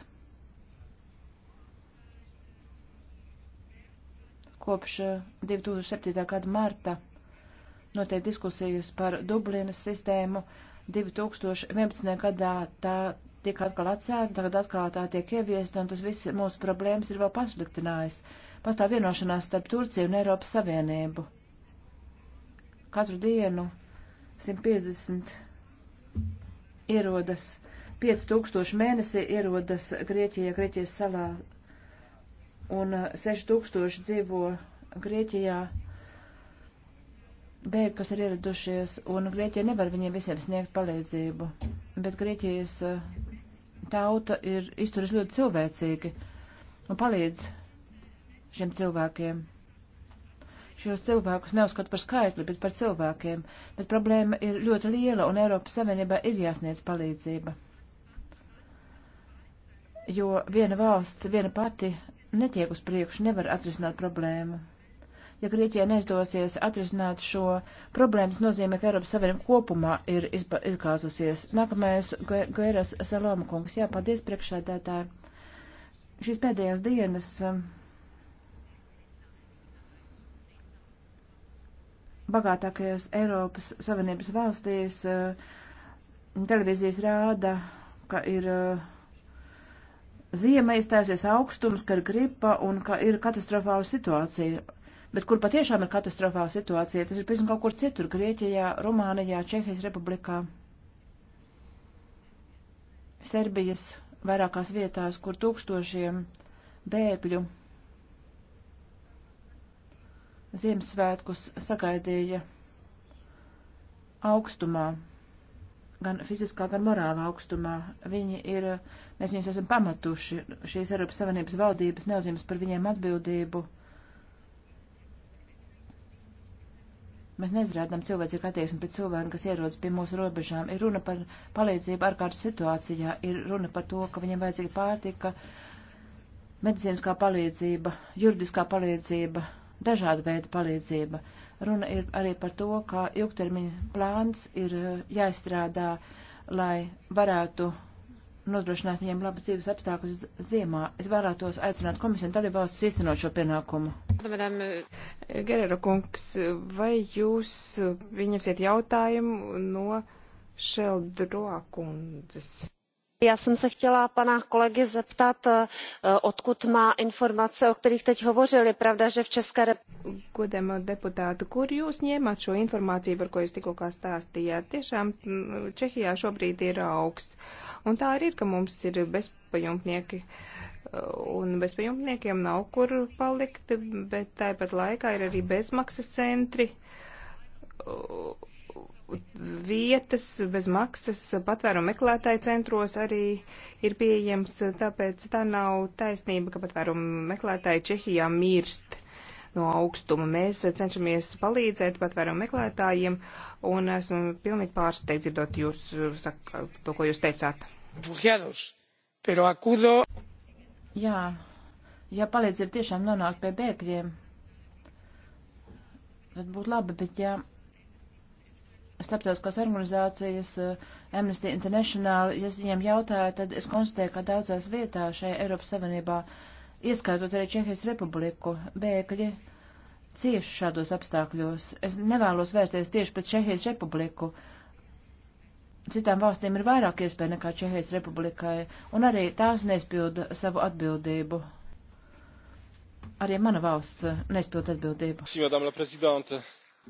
Kopš 2007. Eh, gada marta notiek diskusijas par Dublinas sistēmu. 2011. gadā tā tiek atkal atcēta, tagad atkal tā tiek ieviesta, un tas viss mūsu problēmas ir vēl pasliktinājis. Pastāv vienošanās starp Turciju un Eiropas Savienību. Katru dienu 150 ierodas 5000 mēnesi ierodas Grieķijā, Grieķijas salā un 6000 eh, dzīvo Grieķijā bēgļi, kas ir ieradušies, un Grieķija nevar viņiem visiem sniegt palīdzību. Bet Grieķijas eh, tauta ir izturas ļoti cilvēcīgi un palīdz šiem cilvēkiem. Šos cilvēkus neuzskata par skaitli, bet par cilvēkiem, bet problēma ir ļoti liela un Eiropas Savienībā ir jāsniedz palīdzība. Jo viena valsts, viena pati netiek uz priekšu, nevar atrisināt problēmu. Ja Grieķijai neizdosies atrisināt šo problēmu, tas nozīmē, ka Eiropas Savienība kopumā ir izgāzusies. Nākamais Gairas Saloma kungs. Jā, paldies priekšsēdētāji. Šīs pēdējās dienas um, bagātākajās Eiropas Savienības valstīs uh, televīzijas rāda, ka ir uh, Ziema iestājusies augstums, ka ir gripa un ka ir katastrofāla situācija. Bet kur patiešām ir katastrofāla situācija, tas ir pēc kaut kur citur - Grieķijā, Rumānijā, Čehijas republikā, Serbijas vairākās vietās, kur tūkstošiem bēgļu Ziemassvētkus sagaidīja augstumā gan fiziskā, gan morāla augstumā. Viņi ir, mēs viņus esam pamatuši, šīs Eiropas Savienības valdības neuzņemas par viņiem atbildību. Mēs neizrādām cilvēcīgu attieksmi pret cilvēkiem, kas ierodas pie mūsu robežām. Ir runa par palīdzību ārkārtas situācijā, ir runa par to, ka viņiem vajadzīga pārtika, medicīniskā palīdzība, juridiskā palīdzība, dažāda veida palīdzība. Runa ir arī par to, ka ilgtermiņa plāns ir eh, jāizstrādā, lai varētu nodrošināt viņiem labas dzīves apstākļus ziemā. Es vēlētos aicināt komisiju un dalībvalstis īstenot šo pienākumu. Gerero kungs, vai jūs viņam siet jautājumu no Šeldroa kundzes? já jsem se chtěla pana kolegy zeptat eh, odkud má informace o kterých teď hovořil. je pravda že v české republice. godājamā deputāte kur jūs ņēmāt šo informāciju par ko jūs tikko stāstījāt? tiešām hm, čehijā šobrīd ir augsts un tā arī ir ka mums ir bezpajumtnieki. Eh, un bezpajumtniekiem nav kur palikt, bet tāpat laikā ir arī bezmaksas centri eh, vietas bez maksas patvērumu meklētāju centros arī ir pieejams, tāpēc tā nav taisnība, ka patvērumu meklētāji Čehijā mirst no augstuma. Mēs cenšamies palīdzēt patvērumu meklētājiem un esmu pilnīgi pārsteigts dzirdot jūs, saka, to, ko jūs teicāt. Jā, ja palīdz ir tiešām nonākt pie bēgļiem, tad būtu labi, bet jā. Ja starptautiskās organizācijas eh, Amnesty International, ja viņiem jautāja, tad es konstatēju, ka daudzās vietās šajā Eiropas Savienībā, ieskaitot arī Čehijas Republiku, bēgļi cieši šādos apstākļos. Es nevēlos vērsties tieši pret Čehijas Republiku. Citām valstīm ir vairāk iespēja nekā Čehijas Republikai, un arī tās neizpilda savu atbildību. Arī mana valsts neizpilda atbildību. Sī,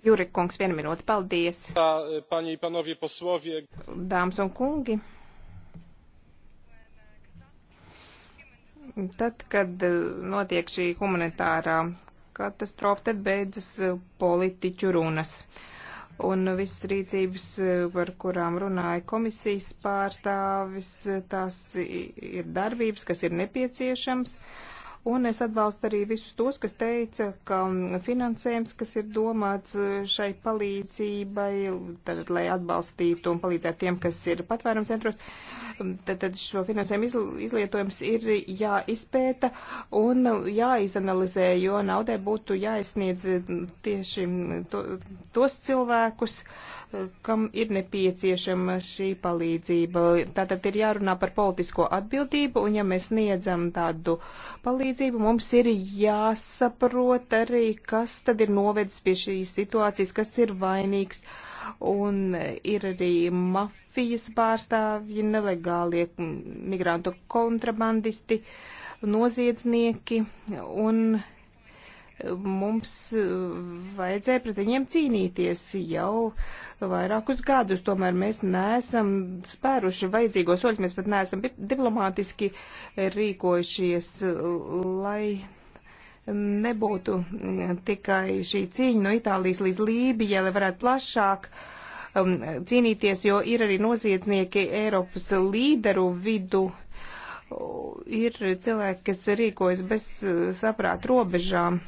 Jurek kungs, viena minūte, paldies. E, Dāmas un kungi. Tad, kad e, notiek šī humanitārā katastrofa, tad beidzas e, politiķu runas. Un visas rīcības, par kurām runāja komisijas pārstāvis, tās ir darbības, kas ir nepieciešams. Uh, Un es atbalstu arī visus tos, kas teica, ka um, finansējums, kas ir domāts uh, šai palīdzībai, tad, lai atbalstītu un palīdzētu tiem, kas ir patvērums centros, um, tad, tad šo finansējumu izlietojums ir jāizpēta un jāizanalizē, jo naudai būtu jāizsniedz um, tieši to, tos cilvēkus, uh, kam ir nepieciešama šī palīdzība. Tātad ir jārunā par politisko atbildību, un ja mēs sniedzam tādu palīdzību, palīdzību, mums ir jāsaprot arī, kas tad ir novedis pie šīs situācijas, kas ir vainīgs. Un ir arī mafijas pārstāvji, nelegālie migrantu kontrabandisti, noziedznieki. Un mums eh, vajadzēja pret viņiem cīnīties jau vairākus gadus. Tomēr mēs neesam spēruši vajadzīgo soļus, mēs pat neesam diplomātiski rīkojušies, lai nebūtu mm, tikai šī cīņa no Itālijas līdz Lībijai, lai varētu plašāk um, cīnīties, jo ir arī noziedznieki Eiropas līderu vidu. Ir cilvēki, kas rīkojas bez eh, saprāta robežām.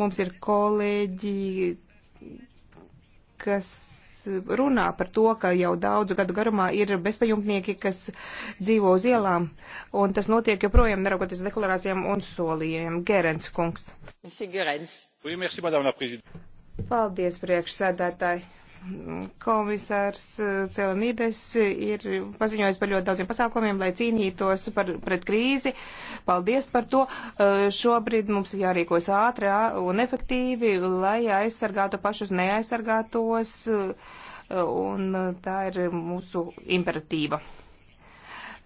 Mums ir kolēģi, kas runā par to, ka jau daudzu gadu garumā ir bezpajumtnieki, kas dzīvo uz ielām, un tas notiek joprojām, neraugoties deklarācijām un solījumiem. Gerens kungs. Paldies, priekšsēdētāji komisārs eh, Celanides ir paziņojis par ļoti daudziem pasākumiem, lai cīnītos par, pret krīzi. Paldies par to. Eh, šobrīd mums ir jārīkojas ātri un efektīvi, lai aizsargātu pašus neaizsargātos, eh, un tā ir mūsu imperatīva.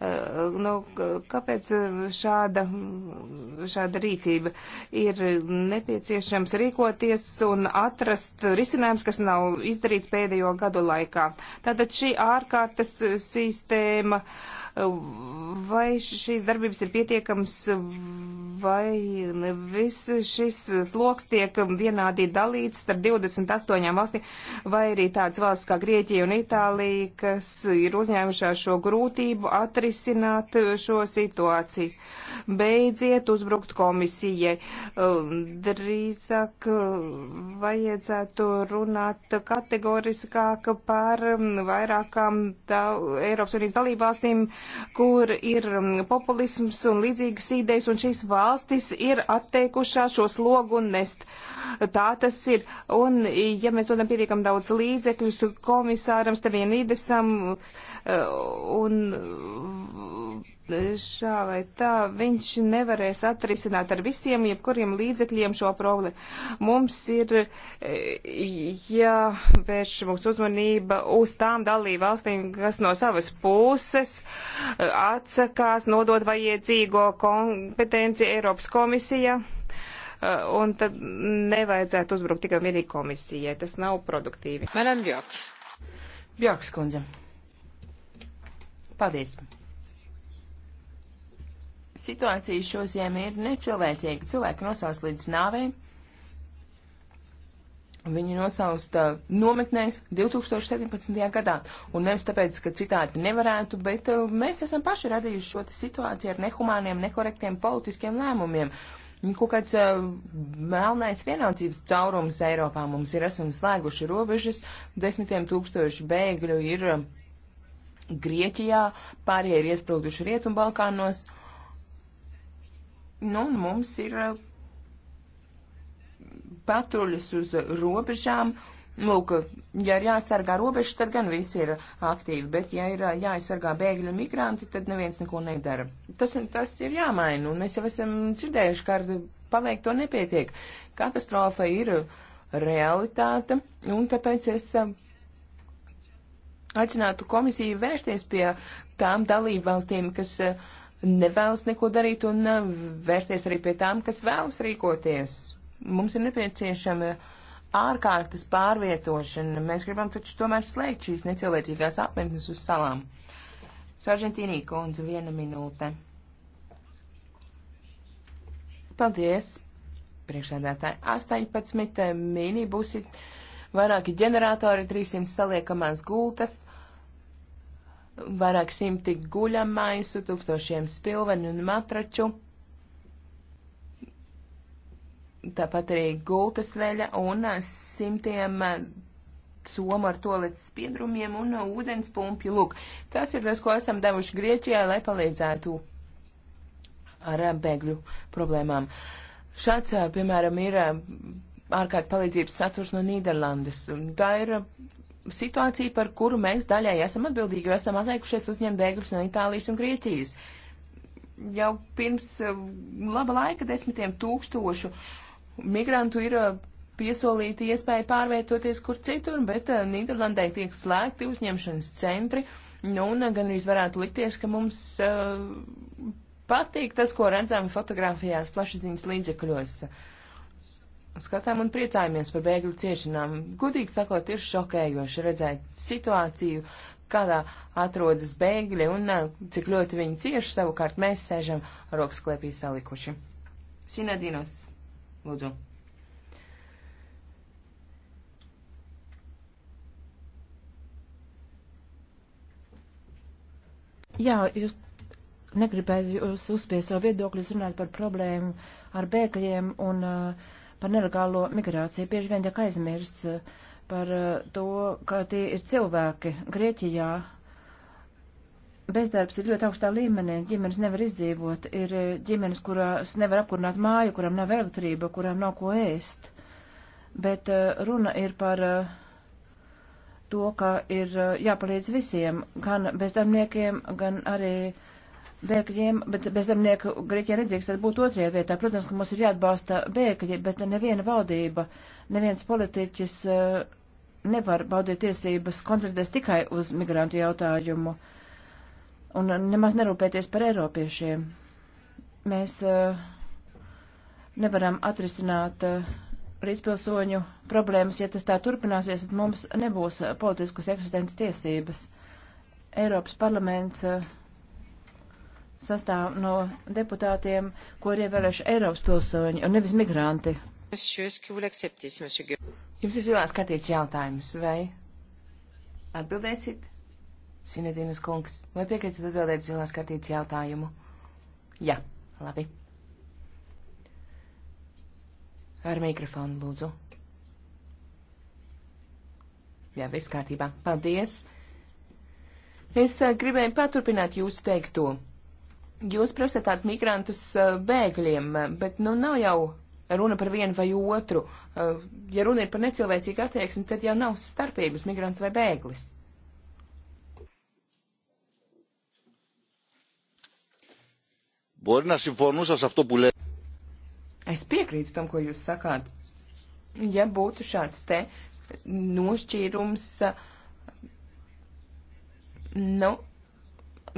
Eh, nu, kāpēc eh, šāda, šāda rīcība ir nepieciešams rīkoties un atrast risinājums, kas nav izdarīts pēdējo gadu laikā? Tātad šī ārkārtas eh, sistēma. Uh, Vai šīs darbības ir pietiekams, vai viss šis sloks tiek vienādi dalīts starp 28 valstīm, vai arī tādas valsts kā Grieķija un Itālija, kas ir uzņēmušās šo grūtību atrisināt šo situāciju. Beidziet uzbrukt komisijai. Drīzāk vajadzētu runāt kategoriskāk par vairākām Eiropas Unības dalībvalstīm kur ir um, populisms un līdzīgas idejas, un šīs valstis ir atteikušās šo slogu nest. Tā tas ir. Un, ja mēs dodam pietiekam daudz līdzekļus komisāram Stevienīdesam, uh, un šā vai tā viņš nevarēs atrisināt ar visiem, jebkuriem līdzekļiem šo problēmu. Mums ir eh, jāvērš mūsu uzmanība uz tām dalību valstīm, kas no savas puses eh, atsakās nodot vajadzīgo kompetenci Eiropas komisijā. Eh, un tad nevajadzētu uzbrukt tikai vienīgi komisijai. Tas nav produktīvi. Madam Bjork. Bjorkskundze. Paldies. Situācija šodien ir necilvēcīga. Cilvēki nosaust līdz nāvei. Viņi nosaust uh, nometnēs 2017. gadā. Un nevis tāpēc, ka citādi nevarētu, bet uh, mēs esam paši radījuši šo situāciju ar nehumāniem, nekorektiem politiskiem lēmumiem. Kaut kāds uh, melnais vienaldzības caurums Eiropā mums ir, esam slēguši robežas, desmitiem tūkstoši bēgļu ir uh, Grieķijā, pārējie ir iesprūduši Rietumbalkānos. Uh, Nu, un mums ir eh, patruļas uz robežām. Lūk, ja ir jāsargā robežas, tad gan visi ir aktīvi, bet ja ir eh, jāaizsargā bēgļu un migranti, tad neviens neko nedara. Tas, tas ir jāmaina, un mēs jau esam dzirdējuši, ka ar paveikto nepietiek. Katastrofa ir realitāte, un tāpēc es eh, aicinātu komisiju vērsties pie tām dalībvalstīm, kas uh, nevēlas neko darīt un uh, vērties arī pie tām, kas vēlas rīkoties. Mums ir nepieciešama ārkārtas pārvietošana. Mēs gribam taču tomēr slēgt šīs necilvēcīgās apmetnes uz salām. Sargentīnī kundze, viena minūte. Paldies, priekšsēdētāji. 18 eh, mini busi, vairāki ģeneratori, 300 saliekamās gultas vairāk simti guļamaisu, tūkstošiem spilvenu un matraču, tāpat arī gultas veļa un simtiem eh, somu ar tolietas spiedrumiem un ūdens pumpju. Lūk, tas ir tas, ko esam devuši Grieķijai, lai palīdzētu ar eh, bēgļu problēmām. Šāds, eh, piemēram, ir ārkārt palīdzības saturs no Nīderlandes. Tā ir situācija, par kuru mēs daļai esam atbildīgi, jo esam atteikušies uzņemt bēgļus no Itālijas un Grieķijas. Jau pirms eh, laba laika desmitiem tūkstošu migrantu ir eh, piesolīti iespēju pārvietoties kur citur, bet eh, Nīderlandē tiek slēgti uzņemšanas centri, nu, un gan arī varētu likties, ka mums uh, patīk tas, ko redzam fotografijās plašsaziņas līdzekļos. Uh, skatām un priecājamies par bēgļu ciešanām. Gudīgi sakot, ir šokējoši redzēt situāciju, kādā atrodas bēgļi un eh, cik ļoti viņi cieši, savukārt mēs sēžam rokas klēpī salikuši. Sinadinos, lūdzu. Jā, jūs negribētu jūs uzspiest savu viedokļu, jūs runājat par problēmu ar bēgļiem un uh, par nelegālo migrāciju. Bieži vien tiek aizmirsts eh, par eh, to, ka tie ir cilvēki Grieķijā. Bezdarbs ir ļoti augstā līmenī, ģimenes nevar izdzīvot, ir eh, ģimenes, kurās nevar apkurināt māju, kurām nav elektrība, kurām nav ko ēst. Bet runa ir par to, ka ir jāpalīdz visiem, gan bezdarbniekiem, gan arī uh, bēgļiem, bet bezdarbnieku Grieķija nedrīkst būt otrajā vietā. Protams, ka mums ir jāatbalsta bēgļi, bet neviena valdība, neviens politiķis eh, nevar baudīt tiesības koncentrēties tikai uz migrantu jautājumu un nemaz nerūpēties par eiropiešiem. Mēs eh, nevaram atrisināt eh, līdzpilsoņu problēmas, ja tas tā turpināsies, tad mums nebūs politiskas eksistences tiesības. Eiropas parlaments uh, sastāv no deputātiem, ko ir ievēlējuši Eiropas pilsoņi un nevis migranti. Jums ir zilās skatīts jautājums, vai atbildēsit, Sinedīnas kungs, vai piekrītat atbildēt zilās skatīts jautājumu? Jā, labi. Ar mikrofonu lūdzu. Jā, viss kārtībā. Paldies! Es eh, gribēju paturpināt jūsu teikto. Jūs prasatāt migrantus bēgļiem, bet nu nav jau runa par vienu vai otru. Ja runa ir par necilvēcīgu attieksmi, tad jau nav starpības migrants vai bēglis. Es piekrītu tam, ko jūs sakāt. Ja būtu šāds te nošķīrums, nu,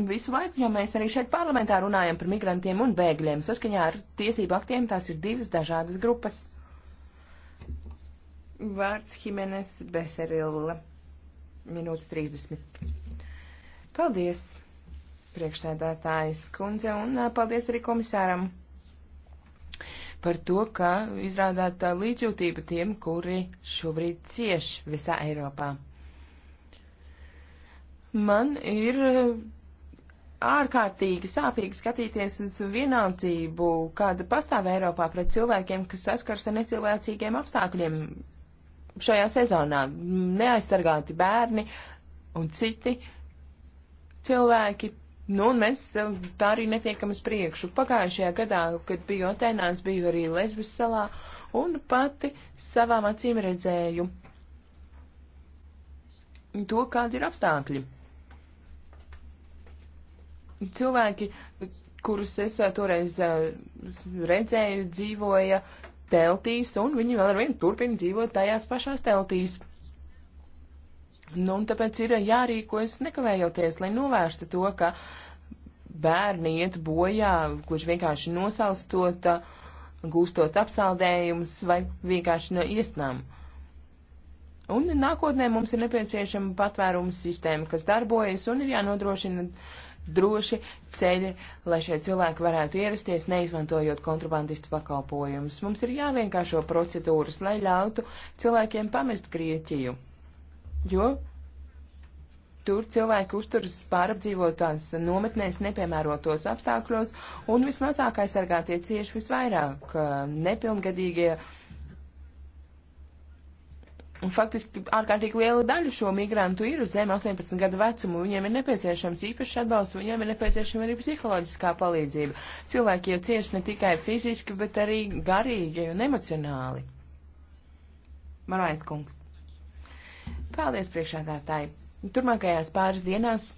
visu laiku, jo mēs arī šeit parlamentā runājam par migrantiem un bēgļiem. Saskaņā ar tiesību aktiem tās ir divas dažādas grupas. Vārds Himenes Beserilla. Minūte 30. Paldies, priekšsēdētājas kundze, un paldies arī komisāram par to, ka izrādāt līdzjūtību tiem, kuri šobrīd cieš visā Eiropā. Man ir ārkārtīgi sāpīgi skatīties uz vienaldzību, kāda pastāv Eiropā pret cilvēkiem, kas saskars ar necilvēcīgiem apstākļiem šajā sezonā. Neaizsargāti bērni un citi cilvēki. Nu, un mēs tā arī netiekam uz priekšu. Pagājušajā gadā, kad biju Otēnās, biju arī Lesbas salā un pati savām acīm redzēju to, kādi ir apstākļi cilvēki, kurus es eh, toreiz eh, redzēju, dzīvoja teltīs, un viņi vēl ar vienu turpina dzīvot tajās pašās teltīs. Nu, un tāpēc ir jārīkojas nekavējoties, lai novērstu to, ka bērni iet bojā, gluži vienkārši nosalstot, eh, gūstot apsaldējumus vai vienkārši no iesnām. Un nākotnē mums ir nepieciešama patvērums sistēma, kas darbojas un ir jānodrošina droši ceļi, lai šie cilvēki varētu ierasties, neizmantojot kontrabandistu pakalpojumus. Mums ir jāvienkāršo procedūras, lai ļautu cilvēkiem pamest Grieķiju, jo tur cilvēki uzturas pārapdzīvotās nometnēs nepiemērotos apstākļos, un vismazāk aizsargātie cieši visvairāk eh, nepilngadīgie Un faktiski ārkārtīgi liela daļa šo migrantu ir uz zem 18 gadu vecumu. Viņiem ir nepieciešams īpašs atbalsts, viņiem ir nepieciešama arī psiholoģiskā palīdzība. Cilvēki jau cieš ne tikai fiziski, bet arī garīgi un emocionāli. Marais kungs. Paldies priekšādātāji. Turmākajās pāris dienās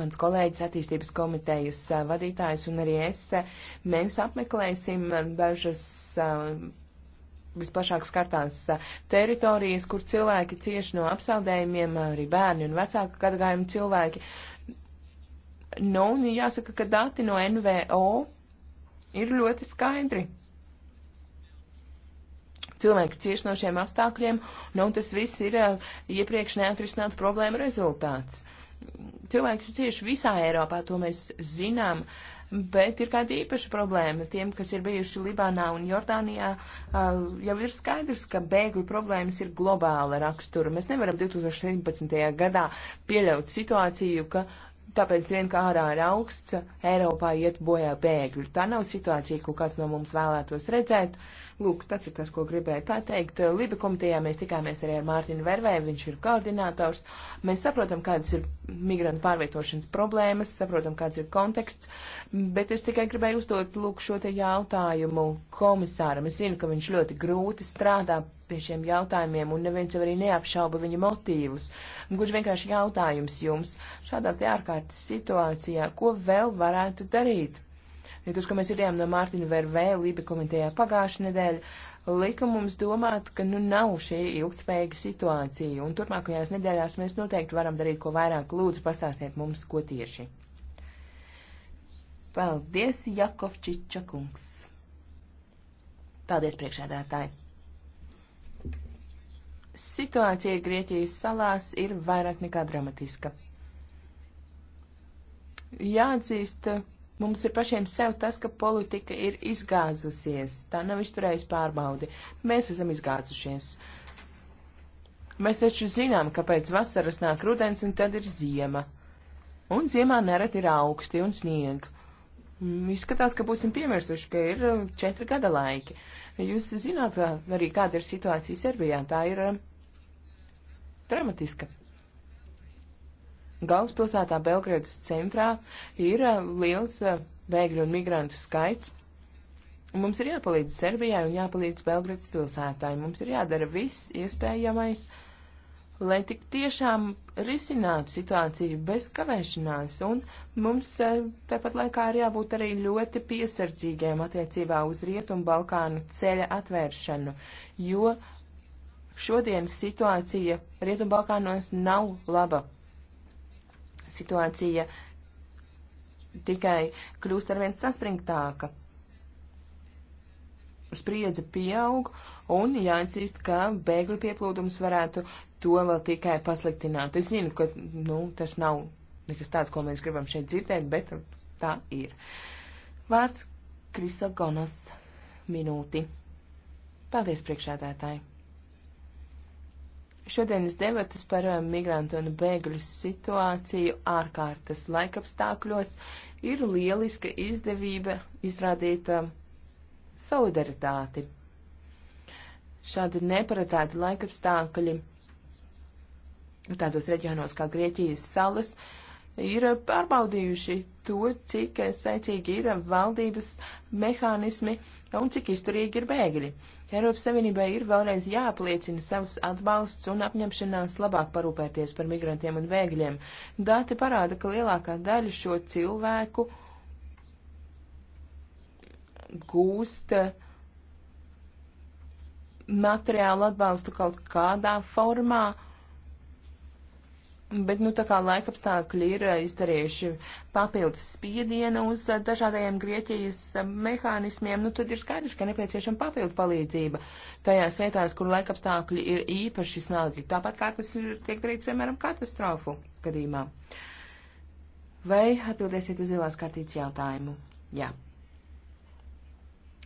mans kolēģis attīstības komitejas eh, vadītājs un arī es, eh, mēs apmeklēsim eh, dažas visplašāk skartās teritorijas, kur cilvēki cieš no apsaldējumiem, arī bērni un vecāku gadagājumu cilvēki. Nu, un jāsaka, ka dati no NVO ir ļoti skaidri. Cilvēki cieš no šiem apstākļiem, nu, un tas viss ir iepriekš neatrisināt problēmu rezultāts. Cilvēki cieš visā Eiropā, to mēs zinām. Uh, bet ir kāda īpaša problēma. Tiem, kas ir bijuši Libānā un Jordānijā, jau ir skaidrs, ka bēgļu problēmas ir globāla rakstura. Mēs nevaram 2017. gadā pieļaut situāciju, ka uh, Tāpēc vien, ka ārā ir augsts, Eiropā iet bojā bēgļu. Tā nav situācija, ko kāds no mums vēlētos redzēt. Lūk, tas ir tas, ko gribēju pateikt. Liba komitejā mēs tikāmies arī ar Mārtiņu Vervēju, viņš ir koordinators. Mēs saprotam, kādas ir migrantu pārvietošanas problēmas, saprotam, kāds ir konteksts, bet es tikai gribēju uzdot, lūk, šo te jautājumu komisāram. Es zinu, ka viņš ļoti grūti strādā pie šiem jautājumiem, un neviens jau arī neapšauba viņa motīvus. Gluži vienkārši jautājums jums šādā te ārkārtas situācijā, ko vēl varētu darīt? Ja tas, ko mēs dzirdējām no Mārtiņa Vervē, Lība komentējā pagājušajā nedēļā, lika mums domāt, ka nu nav šī ilgtspējīga situācija, un turpmākajās nedēļās mēs noteikti varam darīt ko vairāk. Lūdzu, pastāstiet mums, ko tieši. Paldies, Jakovčiča kungs! Paldies, priekšēdētāji! Situācija Grieķijas salās ir vairāk nekā dramatiska. Jāatzīst, mums ir pašiem sev tas, ka politika ir izgāzusies. Tā nav izturējusi pārbaudi. Mēs esam izgāzušies. Mēs taču zinām, ka pēc vasaras nāk rudens un tad ir ziema. Un ziemā nereti ir augsti un snieg. Mm, izskatās, ka būsim piemirsuši, ka ir uh, četri gada laiki. Jūs zināt uh, arī, kāda ir situācija Serbijā. Tā ir uh, dramatiska. Galvaspilsētā Belgrādas centrā ir eh, liels eh, bēgļu un migrantu skaits. Mums ir jāpalīdz Serbijai un jāpalīdz Belgrādas pilsētāji. Mums ir jādara viss iespējamais, lai tik tiešām risinātu situāciju bez kavēšanās, un mums eh, tāpat laikā ir jābūt arī ļoti piesardzīgiem attiecībā uz Rietumu Balkānu ceļa atvēršanu, jo Šodienas situācija Rietumbalkānos nav laba. Situācija tikai kļūst arvien saspringtāka. Spriedze pieaug, un jāatzīst, ka bēgļu pieplūdums varētu to vēl tikai pasliktināt. Es zinu, ka nu, tas nav nekas tāds, ko mēs gribam šeit dzirdēt, bet tā ir. Vārds Krisogonas minūti. Paldies, priekšādētāji! Šodienas debatas par um, migrantu un bēgļu situāciju ārkārtas laikapstākļos ir lieliska izdevība izrādīt um, solidaritāti. Šādi neparedzēti laikapstākļi tādos reģionos kā Grieķijas salas uh, ir pārbaudījuši to, cik spēcīgi ir valdības mehānismi un cik izturīgi ir bēgļi. Eiropas Savienībai ir vēlreiz jāapliecina savs atbalsts un apņemšanās labāk parūpēties par migrantiem un bēgļiem. Dati parāda, ka lielākā daļa šo cilvēku gūst materiālu atbalstu kaut kādā formā Bet, nu, tā kā laikapstākļi ir eh, izdarījuši papildus spiedienu uz eh, dažādajiem Grieķijas eh, mehānismiem, nu, tad ir skaidrs, ka nepieciešama papildu palīdzība tajās vietās, kur laikapstākļi ir īpaši snagi. Tāpat kā tas ir, tiek darīts, piemēram, katastrofu gadījumā. Vai atbildēsiet uz zilās kartītes jautājumu? Jā.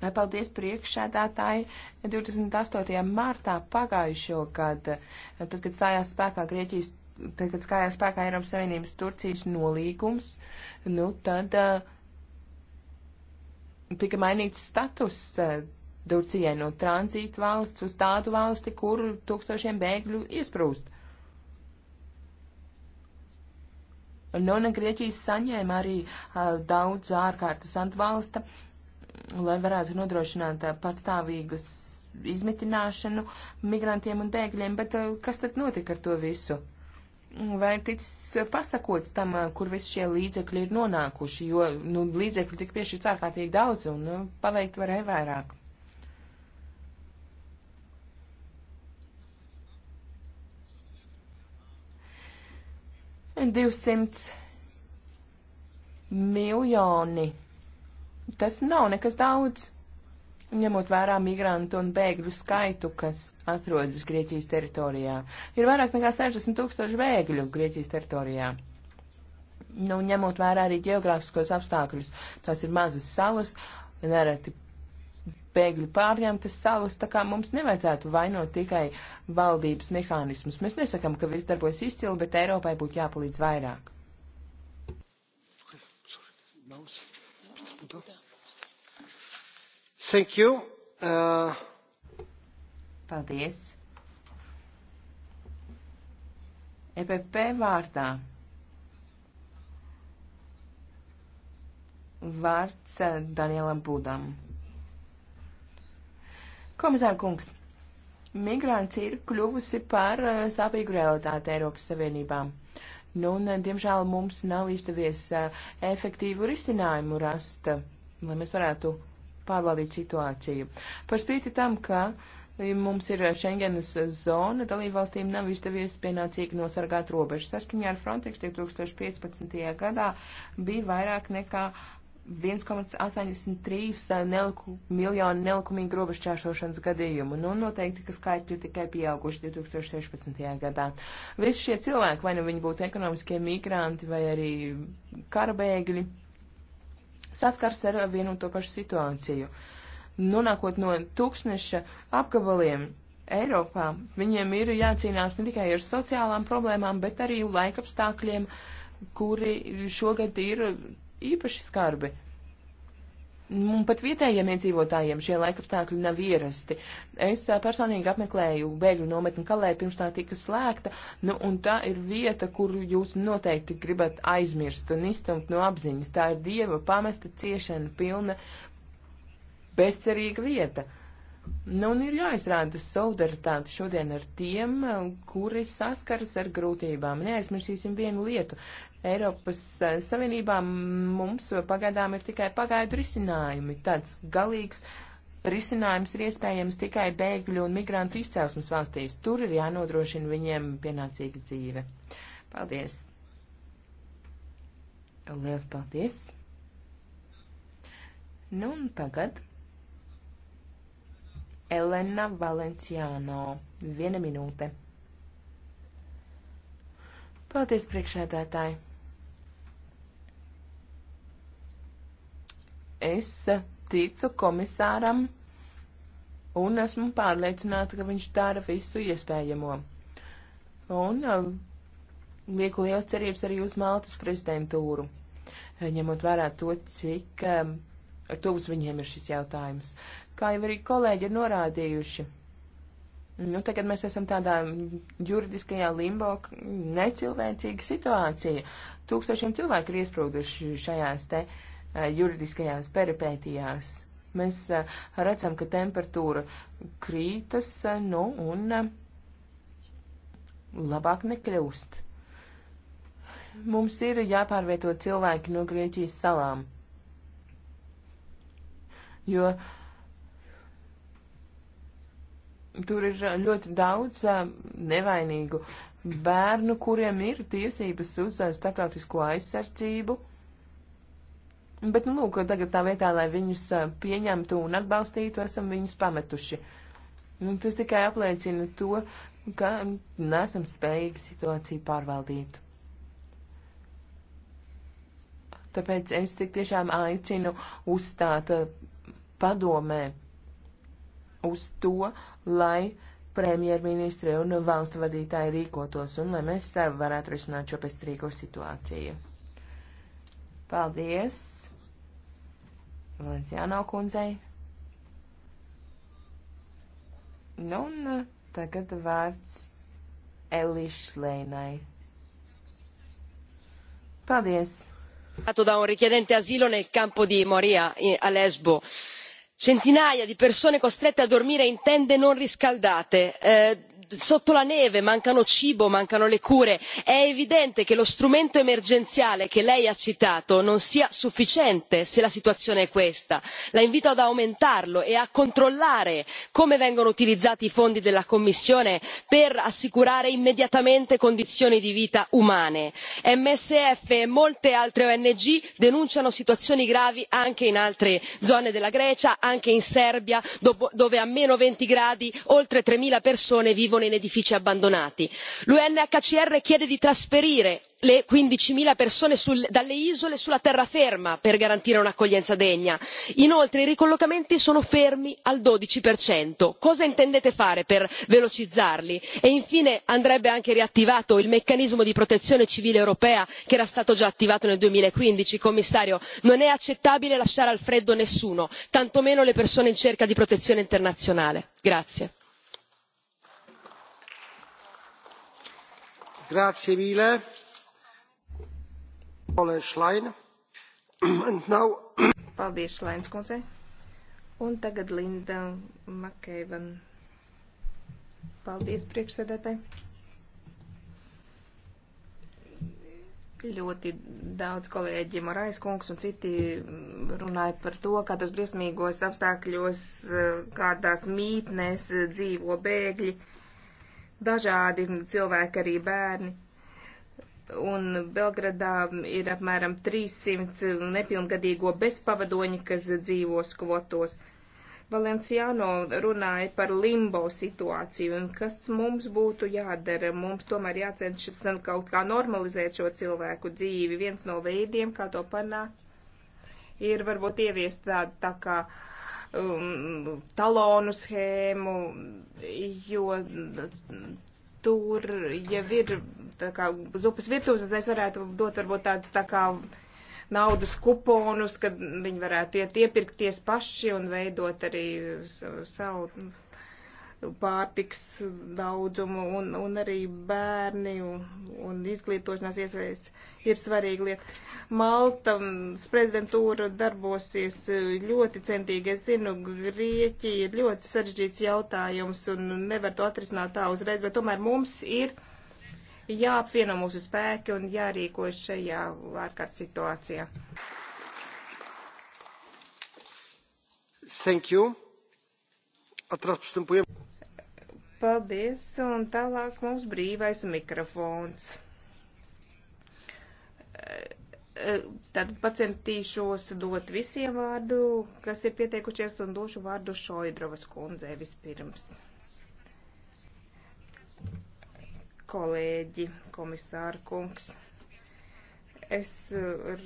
Paldies priekšsēdētāji. 28. martā pagājušo gadu, tad, kad stājās spēkā Grieķijas tagad skājā spēkā Eiropas Savienības Turcijas nolīgums, nu tad uh, tika mainīts status uh, Turcijai no tranzīta valsts uz tādu valsti, kur tūkstošiem bēgļu iesprūst. Nona nu, Grieķijas saņēma arī uh, daudz ārkārtas atbalsta, lai varētu nodrošināt uh, patstāvīgus izmitināšanu migrantiem un bēgļiem, bet uh, kas tad notika ar to visu? vai ir ticis pasakots tam, eh, kur visi šie līdzekļi ir nonākuši, jo nu, līdzekļi tik piešķirts ārkārtīgi daudz un nu, paveikt varēja vairāk. Un 200 miljoni. Tas nav nekas daudz ņemot vērā migrantu un bēgļu skaitu, kas atrodas Grieķijas teritorijā. Ir vairāk nekā 60 tūkstoši bēgļu Grieķijas teritorijā. Nu, ņemot vērā arī geogrāfiskos apstākļus, tās ir mazas salas, nereti bēgļu pārņemtas salas, tā kā mums nevajadzētu vainot tikai valdības mehānismus. Mēs nesakam, ka viss darbojas izcili, bet Eiropai būtu jāpalīdz vairāk. Sorry. No, sorry. Thank you. Uh... Paldies. EPP vārdā. Vārds eh, Danielam Būdam. Komisār kungs, migrants ir kļuvusi par eh, sāpīgu realitāti Eiropas Savienībām. Nu, un, eh, diemžēl, mums nav izdevies efektīvu risinājumu rast, lai mēs varētu pārvaldīt situāciju. Par spīti tam, ka e, mums ir Schengenas zona, dalībvalstīm nav izdevies pienācīgi nosargāt robežas. Saskaņā ar Frontex 2015. gadā bija vairāk nekā 1,83 neliku, miljonu nelikumīgu robežķēšošanas gadījumu. Nu, noteikti, ka skaitļi tikai pieauguši 2016. gadā. Visi šie cilvēki, vai nu viņi būtu ekonomiskie migranti vai arī karabēgļi, saskars ar vienu un to pašu situāciju. Nonākot no tūkstneša apgabaliem Eiropā, viņiem ir jācīnās ne tikai ar sociālām problēmām, bet arī laikapstākļiem, kuri šogad ir īpaši skarbi. Un pat vietējiem iedzīvotājiem šie laikapstākļi nav ierasti. Es personīgi apmeklēju bēgļu nometni Kalē, pirms tā tika slēgta, nu, un tā ir vieta, kur jūs noteikti gribat aizmirst un iztumt no apziņas. Tā ir dieva pamesta ciešana pilna bezcerīga vieta. Nu, un ir jāizrāda solidaritāte šodien ar tiem, kuri saskaras ar grūtībām. Neaizmirsīsim vienu lietu. Eiropas eh, Savienībā mums pagaidām ir tikai pagaidu risinājumi. Tāds galīgs risinājums ir iespējams tikai bēgļu un migrantu izcelsmes valstīs. Tur ir jānodrošina viņiem pienācīga dzīve. Paldies! Lielas paldies! Nu un tagad Elena Valenciano. Viena minūte. Paldies, priekšēdētāji! Es ticu komisāram un esmu pārliecināta, ka viņš dara visu iespējamo. Un uh, lieku liels cerības arī uz Maltas prezidentūru, ņemot vērā to, cik um, tuvs viņiem ir šis jautājums. Kā jau arī kolēģi ir norādījuši, nu, tagad mēs esam tādā juridiskajā limbo necilvēcīga situācija. Tūkstošiem cilvēku ir iesprūduši šajās te uh, Eh, juridiskajās peripētijās. Mēs eh, redzam, ka temperatūra krītas, eh, nu, un labāk nekļūst. Mums ir jāpārvieto cilvēki no Grieķijas salām, jo tur ir ļoti daudz nevainīgu bērnu, kuriem ir tiesības uz starptautisko aizsardzību. Bet, nu, lūk, tagad tā vietā, lai viņus pieņemtu un atbalstītu, esam viņus pametuši. Nu, tas tikai apliecina to, ka nesam spējīgi situāciju pārvaldīt. Tāpēc es tik tiešām aicinu uzstāt padomē uz to, lai premjerministri un valstu vadītāji rīkotos un lai mēs sev varētu risināt šo pēcrīko situāciju. Paldies! Valenciāno kundzei. Nu, un eh, tagad vārds Elišleinai. Paldies! da un richiedente asilo nel campo di Moria a Lesbo centinaia di persone costrette a dormire in tende non riscaldate. Eh, sotto la neve mancano cibo mancano le cure è evidente che lo strumento emergenziale che lei ha citato non sia sufficiente se la situazione è questa. la invito ad aumentarlo e a controllare come vengono utilizzati i fondi della commissione per assicurare immediatamente condizioni di vita umane. msf e molte altre ong denunciano situazioni gravi anche in altre zone della grecia anche in serbia dove a venti gradi oltre tre zero persone vivono in edifici abbandonati. l'unhcr chiede di trasferire le quindici zero persone dalle isole sulla terraferma per garantire un'accoglienza degna. inoltre i ricollocamenti sono fermi al dodici cosa intendete fare per velocizzarli? e infine andrebbe anche riattivato il meccanismo di protezione civile europea che era stato già attivato nel. duemilaquindici commissario non è accettabile lasciare al freddo nessuno tantomeno le persone in cerca di protezione internazionale. Grazie mille. Ole Šlaina. Now... Paldies, Šlains kundzei. Un tagad Linda Makeivan. Paldies, priekšsēdētāji. Ļoti daudz kolēģi Morais kungs un citi runāja par to, kādos briesmīgos apstākļos, eh, kādās mītnēs eh, dzīvo bēgļi. Uh, dažādi cilvēki, arī bērni. Un Belgradā ir apmēram 300 nepilngadīgo bezpavadoņi, kas dzīvo skvotos. Valenciāno runāja par limbo situāciju un kas mums būtu jādara. Mums tomēr jācenšas kaut kā normalizēt šo cilvēku dzīvi. Viens no veidiem, kā to panākt, ir varbūt ieviest tādu tā kā uh, um, talonu schēmu, jo tur jau ir tā kā zupas virtuves, mēs varētu dot varbūt tāds tā kā naudas kuponus, kad viņi varētu iet iepirkties paši un veidot arī savu. savu pārtiks daudzumu un, un arī bērni un, un izglītošanās iespējas ir svarīga lieta. Malta prezidentūra darbosies e, ļoti centīgi. Es zinu, Grieķija ir ļoti sarežģīts jautājums un nevar to atrisināt tā uzreiz, bet tomēr mums ir jāapvieno mūsu spēki un jārīkojas šajā ārkārtas situācijā. Thank you. A teraz przystępujemy. Paldies, un tālāk mums brīvais mikrofons. E, e, tad pacientīšos dot visiem vārdu, kas ir pieteikušies, un došu vārdu Šoidrovas kundzē vispirms. Kolēģi, komisāra kungs es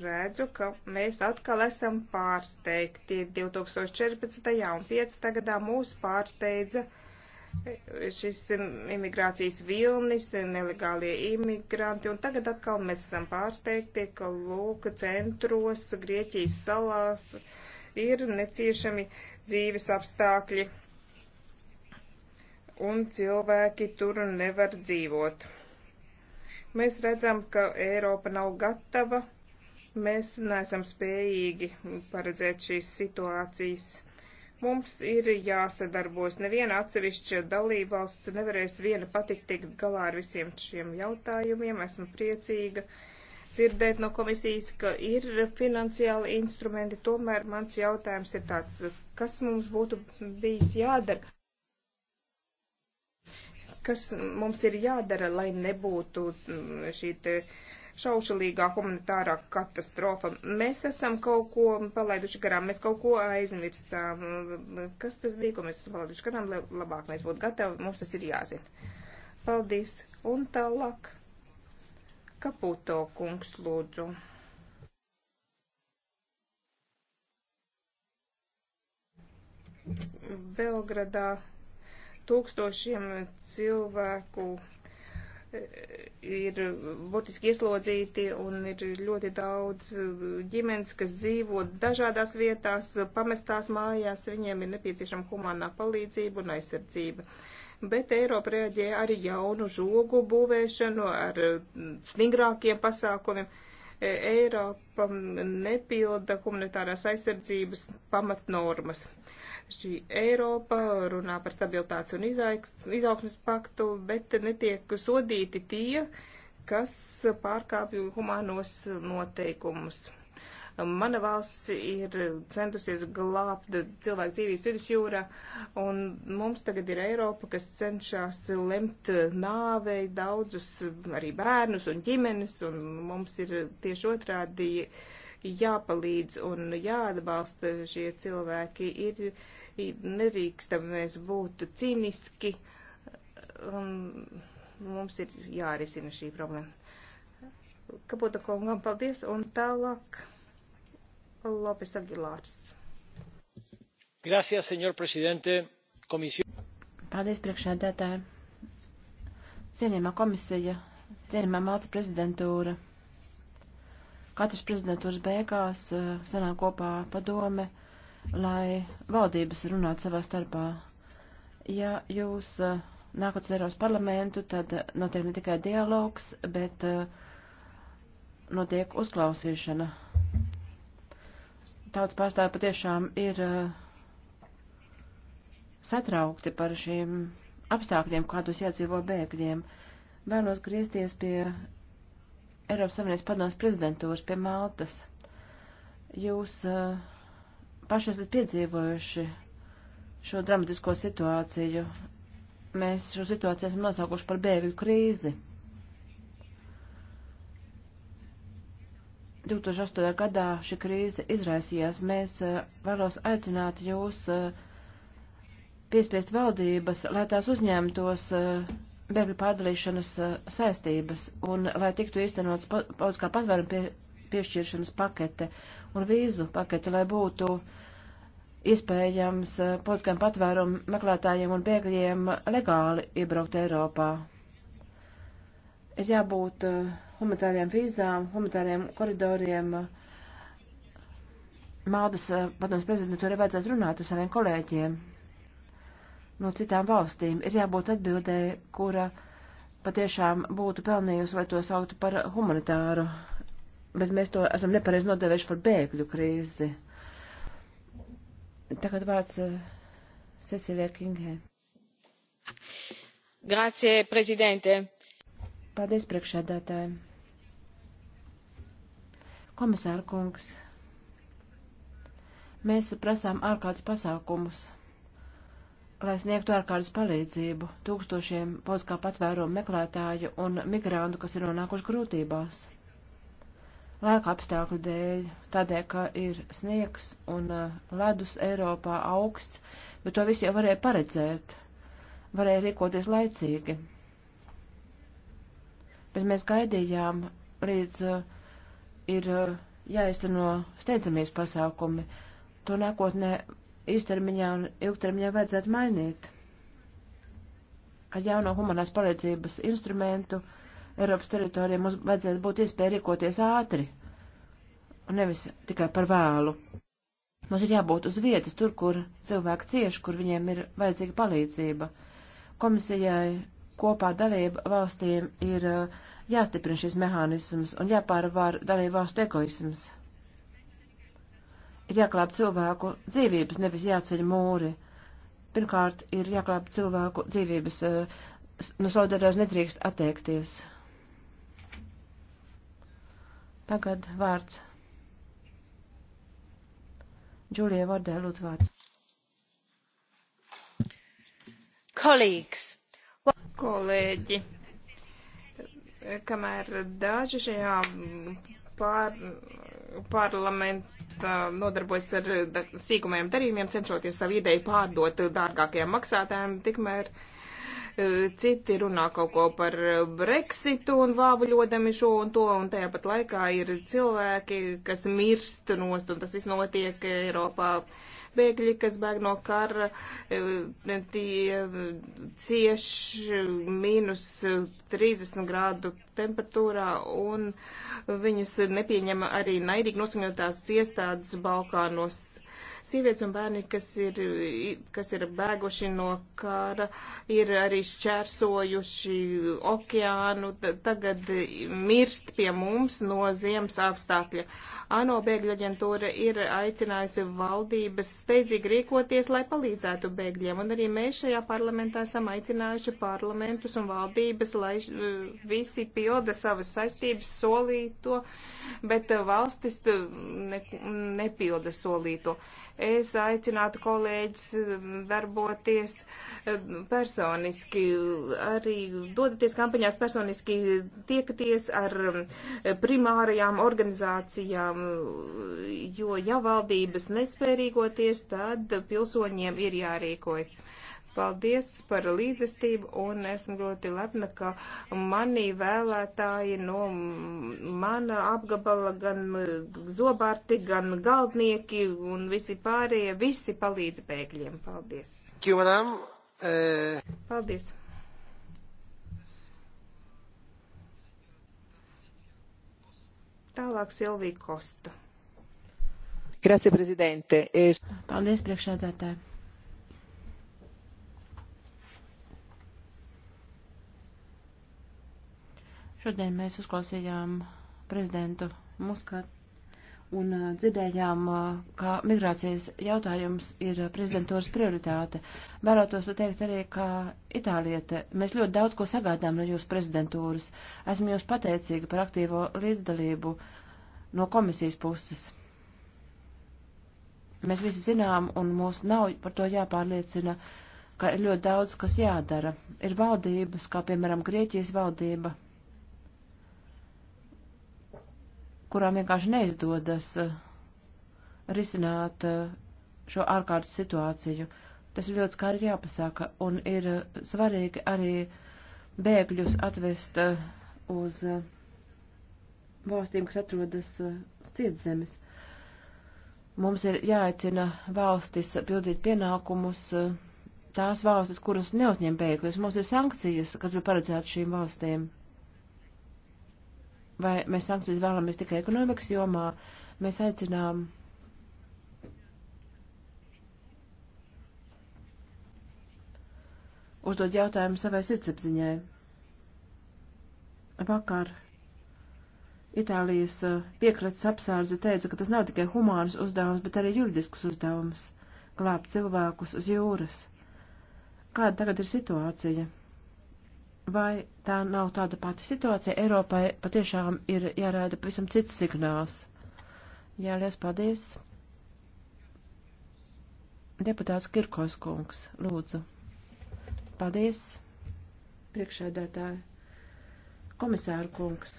redzu, ka mēs atkal esam pārsteigti. 2014. un 2015. gadā mūs pārsteidza uh, šis um, imigrācijas vilnis, nelegālie imigranti, un tagad atkal mēs esam pārsteigti, ka lūk, centros, Grieķijas salās ir neciešami dzīves apstākļi, un cilvēki tur nevar dzīvot. Mēs redzam, ka Eiropa nav gatava, mēs neesam spējīgi paredzēt šīs situācijas Mums ir jāsadarbojas. Neviena atsevišķa dalībvalsts nevarēs viena pati tikt galā ar visiem šiem jautājumiem. Esmu priecīga dzirdēt no komisijas, ka ir finansiāli instrumenti. Tomēr mans jautājums ir tāds, kas mums būtu bijis jādara? Kas mums ir jādara, lai nebūtu mm, šī šaušalīgā humanitārā katastrofa. Mēs esam kaut ko palaiduši garām, mēs kaut ko aizmirstām. Kas tas bija, ko mēs esam palaiduši garām, labāk mēs būtu gatavi, mums tas ir jāzina. Paldies. Un tālāk. Kaputo kungs lūdzu. Belgradā tūkstošiem cilvēku ir būtiski ieslodzīti un ir ļoti daudz ģimenes, kas dzīvo dažādās vietās, pamestās mājās, viņiem ir nepieciešama humanā palīdzība un aizsardzība. Bet Eiropa reaģē arī jaunu žogu būvēšanu ar stingrākiem pasākumiem. Eiropa nepilda humanitārās aizsardzības pamatnormas. Šī Eiropa runā par stabilitātes un izaugsmes paktu, bet netiek sodīti tie, kas pārkāpju humānos noteikumus. Mana valsts ir centusies glābt cilvēku dzīvības vidusjūrā, un mums tagad ir Eiropa, kas cenšas lemt nāvei daudzus arī bērnus un ģimenes, un mums ir tieši otrādi jāpalīdz un jāatbalsta šie cilvēki. Ir, Nedrīkstam mēs būt cīniski. Um, mums ir jārisina šī problēma. Kabuta kungam paldies un tālāk Lopes Agilārs. Gracias, señor presidente. Komisija. Paldies, priekšādātāji. Cienījamā komisija, cienījamā Malta prezidentūra. Katras prezidentūras beigās eh, sanāk kopā padome lai valdības runātu savā starpā. Ja jūs uh, nākat uz Eiropas parlamentu, tad uh, notiek ne tikai dialogs, bet uh, notiek uzklausīšana. Tautas pārstāvja patiešām ir satraukti par šīm apstākļiem, kādos jādzīvo bēgļiem. Vēlos griezties pie Eiropas Savienības padomas prezidentūras, pie Maltas. Jūs uh, paši esat piedzīvojuši šo dramatisko situāciju. Mēs šo situāciju esam nosaukuši par bēgļu krīzi. 2008. gadā šī krīze izraisījās. Mēs eh, vēlos aicināt jūs eh, piespiest valdības, lai tās uzņemtos eh, bēgļu pārdalīšanas saistības un lai tiktu īstenots politiskā patvēruma pie, piešķiršanas pakete. Uh, un vīzu paketi, lai būtu iespējams eh, politiskiem patvērumu meklētājiem un bēgļiem legāli iebraukt Eiropā. Ir jābūt eh, humanitāriem vīzām, humanitāriem koridoriem. Maldas eh, padomus prezidentūrai vajadzētu runāt ar saviem kolēģiem no citām valstīm. Ir jābūt atbildēji, kura patiešām būtu pelnījusi, lai to sauktu par humanitāru bet mēs to esam nepareizi nodevējuši par bēgļu krīzi. Tagad vārds eh, Cecilijai Kingē. Grācie, prezidente. Paldies, priekšsēdētāji. Komisāra kungs, mēs prasām ārkārtas pasākumus, lai sniegtu ārkārtas palīdzību tūkstošiem politiskā patvērumu meklētāju un migrantu, kas ir nonākuši grūtībās laika apstākļu dēļ, tādēļ, ka ir sniegs un eh, ledus Eiropā augsts, bet to visu jau varēja paredzēt, varēja rīkoties laicīgi. Bet mēs gaidījām, līdz eh, ir eh, jāizteno steidzamies pasākumi. To nākotnē īstermiņā un ilgtermiņā vajadzētu mainīt. Ar jauno humanās palīdzības instrumentu Eiropas teritorijā mums vajadzētu būt iespēja rīkoties ātri, un nevis tikai par vēlu. Mums ir jābūt uz vietas, tur, kur cilvēki cieši, kur viņiem ir vajadzīga palīdzība. Komisijai kopā dalība valstīm ir uh, jāstiprina šis mehānisms un jāpārvar dalība valstu egoisms. Ir jāklāp cilvēku dzīvības, nevis jāceļ mūri. Pirmkārt, ir jāklāp cilvēku dzīvības, uh, no solidarās nedrīkst atteikties. Tagad vārds. Džulija Vardē, lūdzu vārds. Kolīgs. Kolēģi, kamēr daži šajā pār, parlamenta nodarbojas ar sīkumiem darījumiem, cenšoties savu ideju pārdot dārgākajiem maksātājiem, tikmēr uh, Eh, citi runā kaut ko par eh, Brexitu un vāvuļodami šo un to, un tajā pat laikā ir cilvēki, kas mirst nost, un tas viss notiek Eiropā. Bēgļi, kas bēg no kara, eh, tie cieš mīnus 30 grādu temperatūrā, un viņus nepieņem arī naidīgi noskaņotās iestādes Balkānos Sievietes un bērni, kas ir, kas ir bēguši no kara, ir arī šķērsojuši okeānu, tagad mirst pie mums no ziemas apstākļa. ANO bēgļu aģentūra ir aicinājusi valdības steidzīgi rīkoties, lai palīdzētu bēgļiem, un arī mēs šajā parlamentā esam aicinājuši parlamentus un valdības, lai uh, visi pilda savas saistības solīto, bet valstis uh, ne, nepilda solīto es aicinātu kolēģis darboties um, um, personiski, arī dodaties kampaņās personiski, tiekaties ar um, primārajām organizācijām, jo ja valdības nespēj rīkoties, tad pilsoņiem ir jārīkojas. Paldies par līdzestību un esmu ļoti lepna, ka manī vēlētāji no mana apgabala gan zobārti, gan galdnieki un visi pārējie, visi palīdz bēgļiem. Paldies. Kjumaram, e... Eh, Paldies. Tālāk Silvija Kosta. Grazie, prezidente. Es... Eh, Paldies, priekšsēdētāji. Šodien mēs uzklausījām prezidentu Muskatu un uh, dzirdējām, uh, ka migrācijas jautājums ir prezidentūras prioritāte. Vēlētos to teikt arī, ka Itālieta, mēs ļoti daudz ko sagādām no jūsu prezidentūras. Esmu jūs pateicīga par aktīvo līdzdalību no komisijas puses. Mēs visi zinām, un mūs nav par to jāpārliecina, ka ir ļoti daudz, kas jādara. Ir valdības, kā piemēram Grieķijas valdība, kurām vienkārši neizdodas eh, risināt eh, šo ārkārtas situāciju. Tas ir ļoti skaidri jāpasaka, un ir eh, svarīgi arī bēgļus atvest uz valstīm, kas atrodas cietzemes. Mums ir jāaicina valstis pildīt pienākumus tās valstis, kuras neuzņem bēgļus. Mums ir sankcijas, kas bija paredzētas šīm valstīm vai mēs sankcijas vēlamies tikai ekonomikas jomā, mēs aicinām uzdot jautājumu savai sirdsapziņai. Vakar Itālijas uh, piekratas apsārdze teica, ka tas nav tikai humāns uzdevums, bet arī juridisks uzdevums - glābt cilvēkus uz jūras. Kāda tagad ir situācija? vai tā nav tāda pati situācija? Eiropai patiešām ir jārāda pavisam cits signāls. Jā, liels paldies. Deputāts Kirkos kungs, lūdzu. Paldies, priekšēdētāji. Komisāru kungs.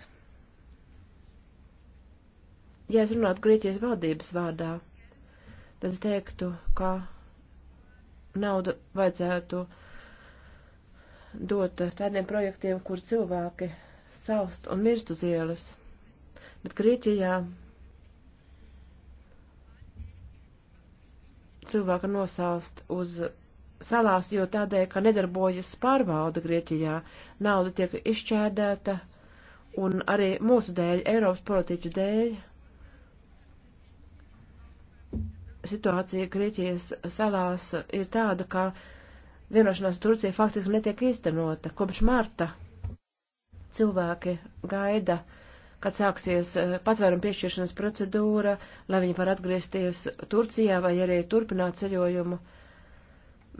Ja es runātu Grieķijas valdības vārdā, tad es teiktu, ka naudu vajadzētu uh, dot tādiem projektiem, kur cilvēki saust un mirst uz ielas. Bet Grieķijā cilvēka nosaust uz salās, jo tādēļ, ka nedarbojas pārvalda Grieķijā, nauda tiek izšķērdēta, un arī mūsu dēļ, Eiropas politiķu dēļ, situācija Grieķijas salās ir tāda, ka vienošanās Turcija faktiski netiek īstenota. Kopš marta cilvēki gaida, kad sāksies eh, patvērumu piešķiršanas procedūra, lai viņi var atgriezties Turcijā vai arī turpināt ceļojumu.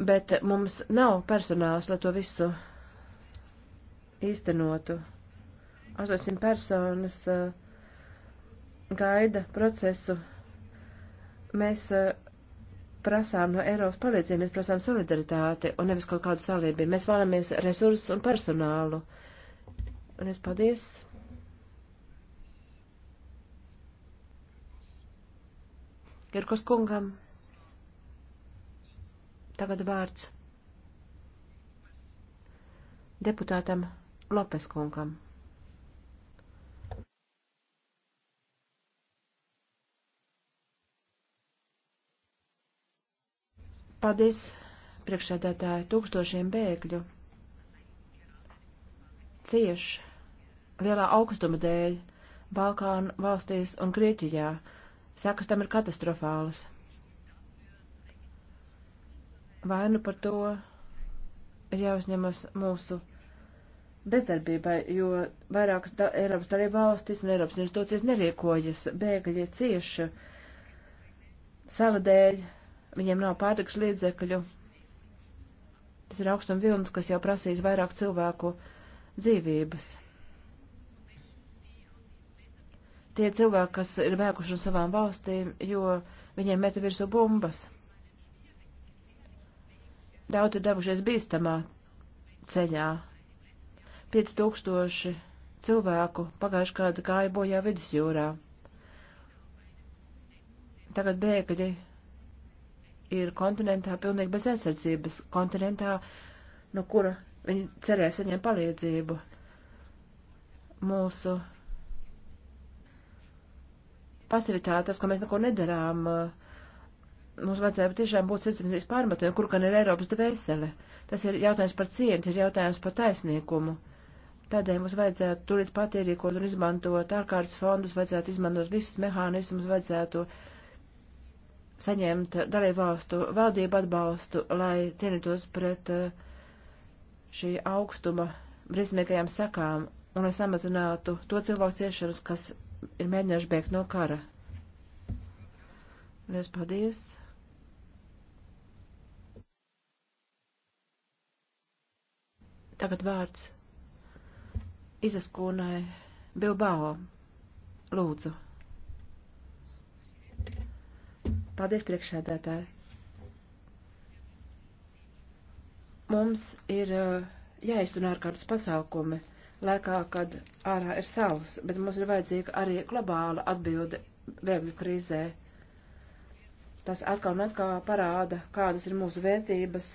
Bet mums nav personāls, lai to visu īstenotu. 800 personas eh, gaida procesu. Mēs eh, prasām no Eiropas palīdzību, mēs prasām solidaritāti un nevis kaut kādu salīdzību. Mēs vēlamies resursus un personālu. Un es paldies. Kirkus kungam. Tagad vārds deputātam Lopes kungam. Paldies, priekšsēdētāji, tūkstošiem bēgļu. Cieši lielā augstuma dēļ Balkānu valstīs un Grieķijā. Sekas tam ir katastrofālas. Vainu par to ir jāuzņemas mūsu bezdarbībai, jo vairākas da Eiropas dalība valstis un Eiropas institūcijas nerīkojas. Bēgļi cieši sava dēļ, viņiem nav pārtiks līdzekļu. Tas ir augstuma vilnis, kas jau prasīs vairāk cilvēku dzīvības. Tie cilvēki, kas ir bēguši no savām valstīm, jo viņiem meta virsū bumbas. Daudz ir devušies bīstamā ceļā. 5000 cilvēku pagājuši kādu gāju bojā vidusjūrā. Tagad bēgļi ir kontinentā pilnīgi bez aizsardzības, kontinentā, no kura viņi cerēja saņemt palīdzību. Mūsu pasivitāte, tas, ka mēs neko nedarām, uh, mums vajadzēja tiešām būt sirdsapziņas pārmetumiem, kur gan ir Eiropas dvēsele. Tas ir jautājums par cieņu, tas ir jautājums par taisnīgumu. Tādēļ mums vajadzētu turīt patierīkot un izmantot ārkārtas fondus, vajadzētu izmantot visus mehānismus, vajadzētu uh, saņemt dalībvalstu valdību atbalstu, lai cīnītos pret eh, šī augstuma briesmīgajām sakām un lai samazinātu to cilvēku ciešanas, kas ir mēģinājuši bēgt no kara. Lies paldies! Tagad vārds Izaskūnai Bilbao. Lūdzu. Paldies, priekšsēdētāji. Mums ir eh, jāiztun ārkārtas pasākumi laikā, kad ārā ir savs, bet mums ir vajadzīga arī globāla atbilde bēgļu krīzē. Tas atkal un atkal parāda, kādas ir mūsu vērtības.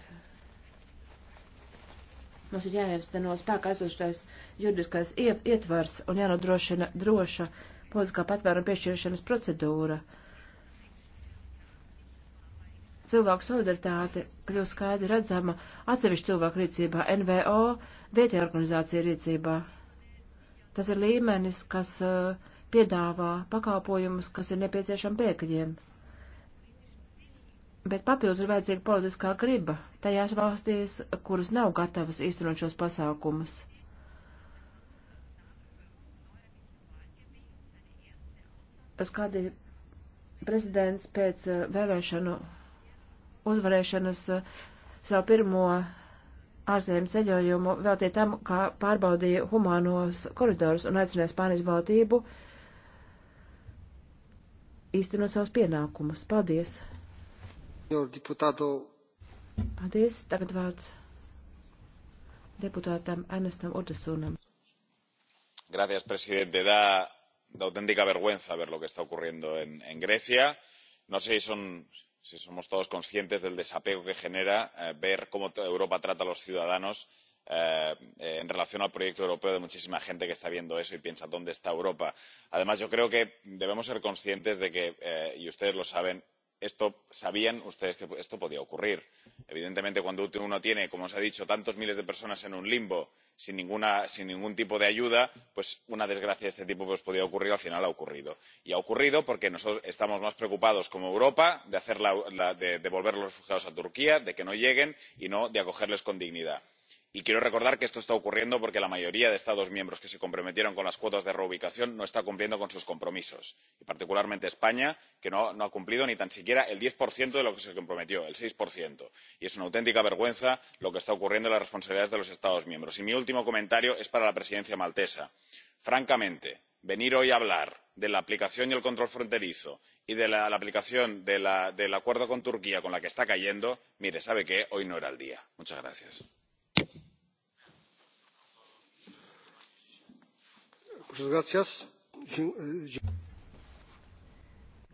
Mums ir jāiesteno spēkā esošais juridiskais ietvars un jānodrošina droša politiskā patvēruma piešķiršanas procedūra. Uh, cilvēku solidaritāte kļūst skaidri redzama atsevišķu cilvēku rīcībā, NVO, vietējā organizācija rīcībā. Tas ir līmenis, kas uh, piedāvā pakalpojumus, kas ir nepieciešami bēgļiem. Bet papildus ir vajadzīga politiskā griba tajās valstīs, kuras nav gatavas īstenot šos pasākumus. Uz kādiem prezidents pēc uh, vēlēšanu uzvarēšanas eh, savu pirmo ārzemju ceļojumu veltīja tam, kā pārbaudīja humānos koridorus un aicināja Spānijas valdību īstenot savus pienākumus. Paldies! Paldies! Tagad vārds deputātam Ernestam Urtasunam. Gracias, presidente. Da, da auténtica vergüenza ver lo que está ocurriendo en, en Grecia. No sé si son si somos todos conscientes del desapego que genera eh, ver cómo europa trata a los ciudadanos eh, eh, en relación con el proyecto europeo de muchísima gente que está viendo eso y piensa dónde está europa? además yo creo que debemos ser conscientes de que y ustedes lo saben sabían ustedes que esto podía ocurrir. evidentemente cuando uno tiene como se ha dicho tantos miles de personas en un limbo sin ningún tipo de ayuda pues una desgracia de este tipo podía ocurrir y al final ha ocurrido. y ha ocurrido porque nosotros estamos más preocupados como europa de devolver a los refugiados a turquía de que no lleguen y no de acogerles con dignidad y quiero recordar que esto está ocurriendo porque la mayoría de estados miembros que se comprometieron con las cuotas de reubicación no está cumpliendo con sus compromisos y particularmente españa que no ha cumplido ni tan siquiera el diez de lo que se comprometió el seis y es una auténtica vergüenza lo que está ocurriendo y las responsabilidades de los estados miembros. y mi último comentario es para la presidencia maltesa francamente venir hoy a hablar de la aplicación y el control fronterizo y de la aplicación del acuerdo con turquía con la que está cayendo mire sabe qué hoy no era el día. muchas gracias. E,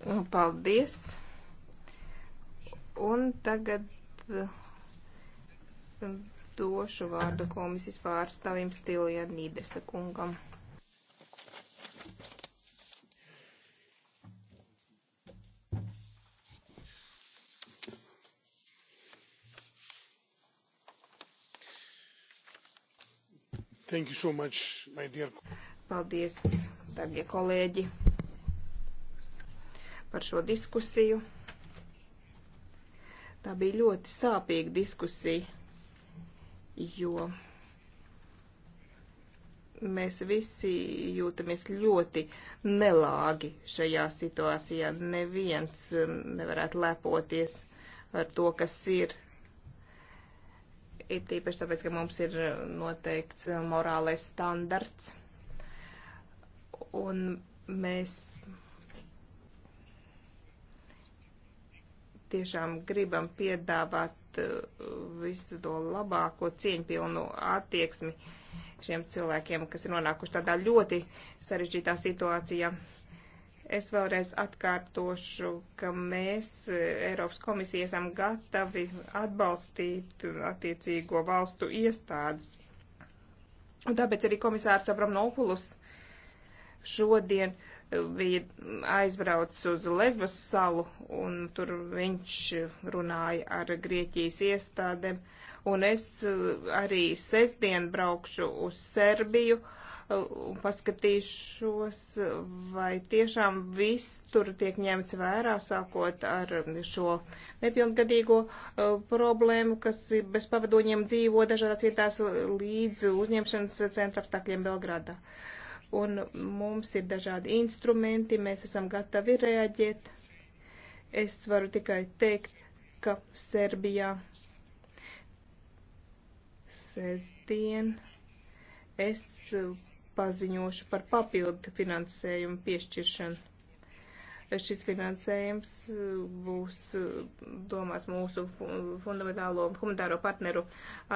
nu, paldies. Un tagad e, došu vārdu komisijas pārstāvim Stilija Nīdesa kungam. Thank you so much, my dear. Paldies, darbie kolēģi, par šo diskusiju. Tā bija ļoti sāpīga diskusija, jo mēs visi jūtamies ļoti nelāgi šajā situācijā. Neviens nevarētu lepoties ar to, kas ir. Ir tīpaši tāpēc, ka mums ir noteikts morālais standarts un mēs tiešām gribam piedāvāt uh, visu to labāko cieņpilnu attieksmi šiem cilvēkiem, kas ir nonākuši tādā ļoti sarežģītā situācijā. Es vēlreiz atkārtošu, ka mēs uh, Eiropas komisija esam gatavi atbalstīt attiecīgo valstu iestādes. Un tāpēc arī komisārs Abramopulus šodien e, bija aizbraucis uz Lesbas salu, un tur viņš runāja ar Grieķijas iestādēm. Un es e, arī sestdien braukšu uz Serbiju e, un paskatīšos, vai tiešām viss tur tiek ņemts vērā, sākot ar šo nepilngadīgo problēmu, kas bez pavadoņiem dzīvo dažādās vietās līdz uzņemšanas centra apstākļiem Belgradā. Uh, un mums ir dažādi instrumenti, mēs esam gatavi reaģēt. Es varu tikai teikt, ka Serbijā sestdien es paziņošu par papildu finansējumu piešķiršanu šis finansējums uh, būs uh, domās mūsu fundamentālo un humanitāro partneru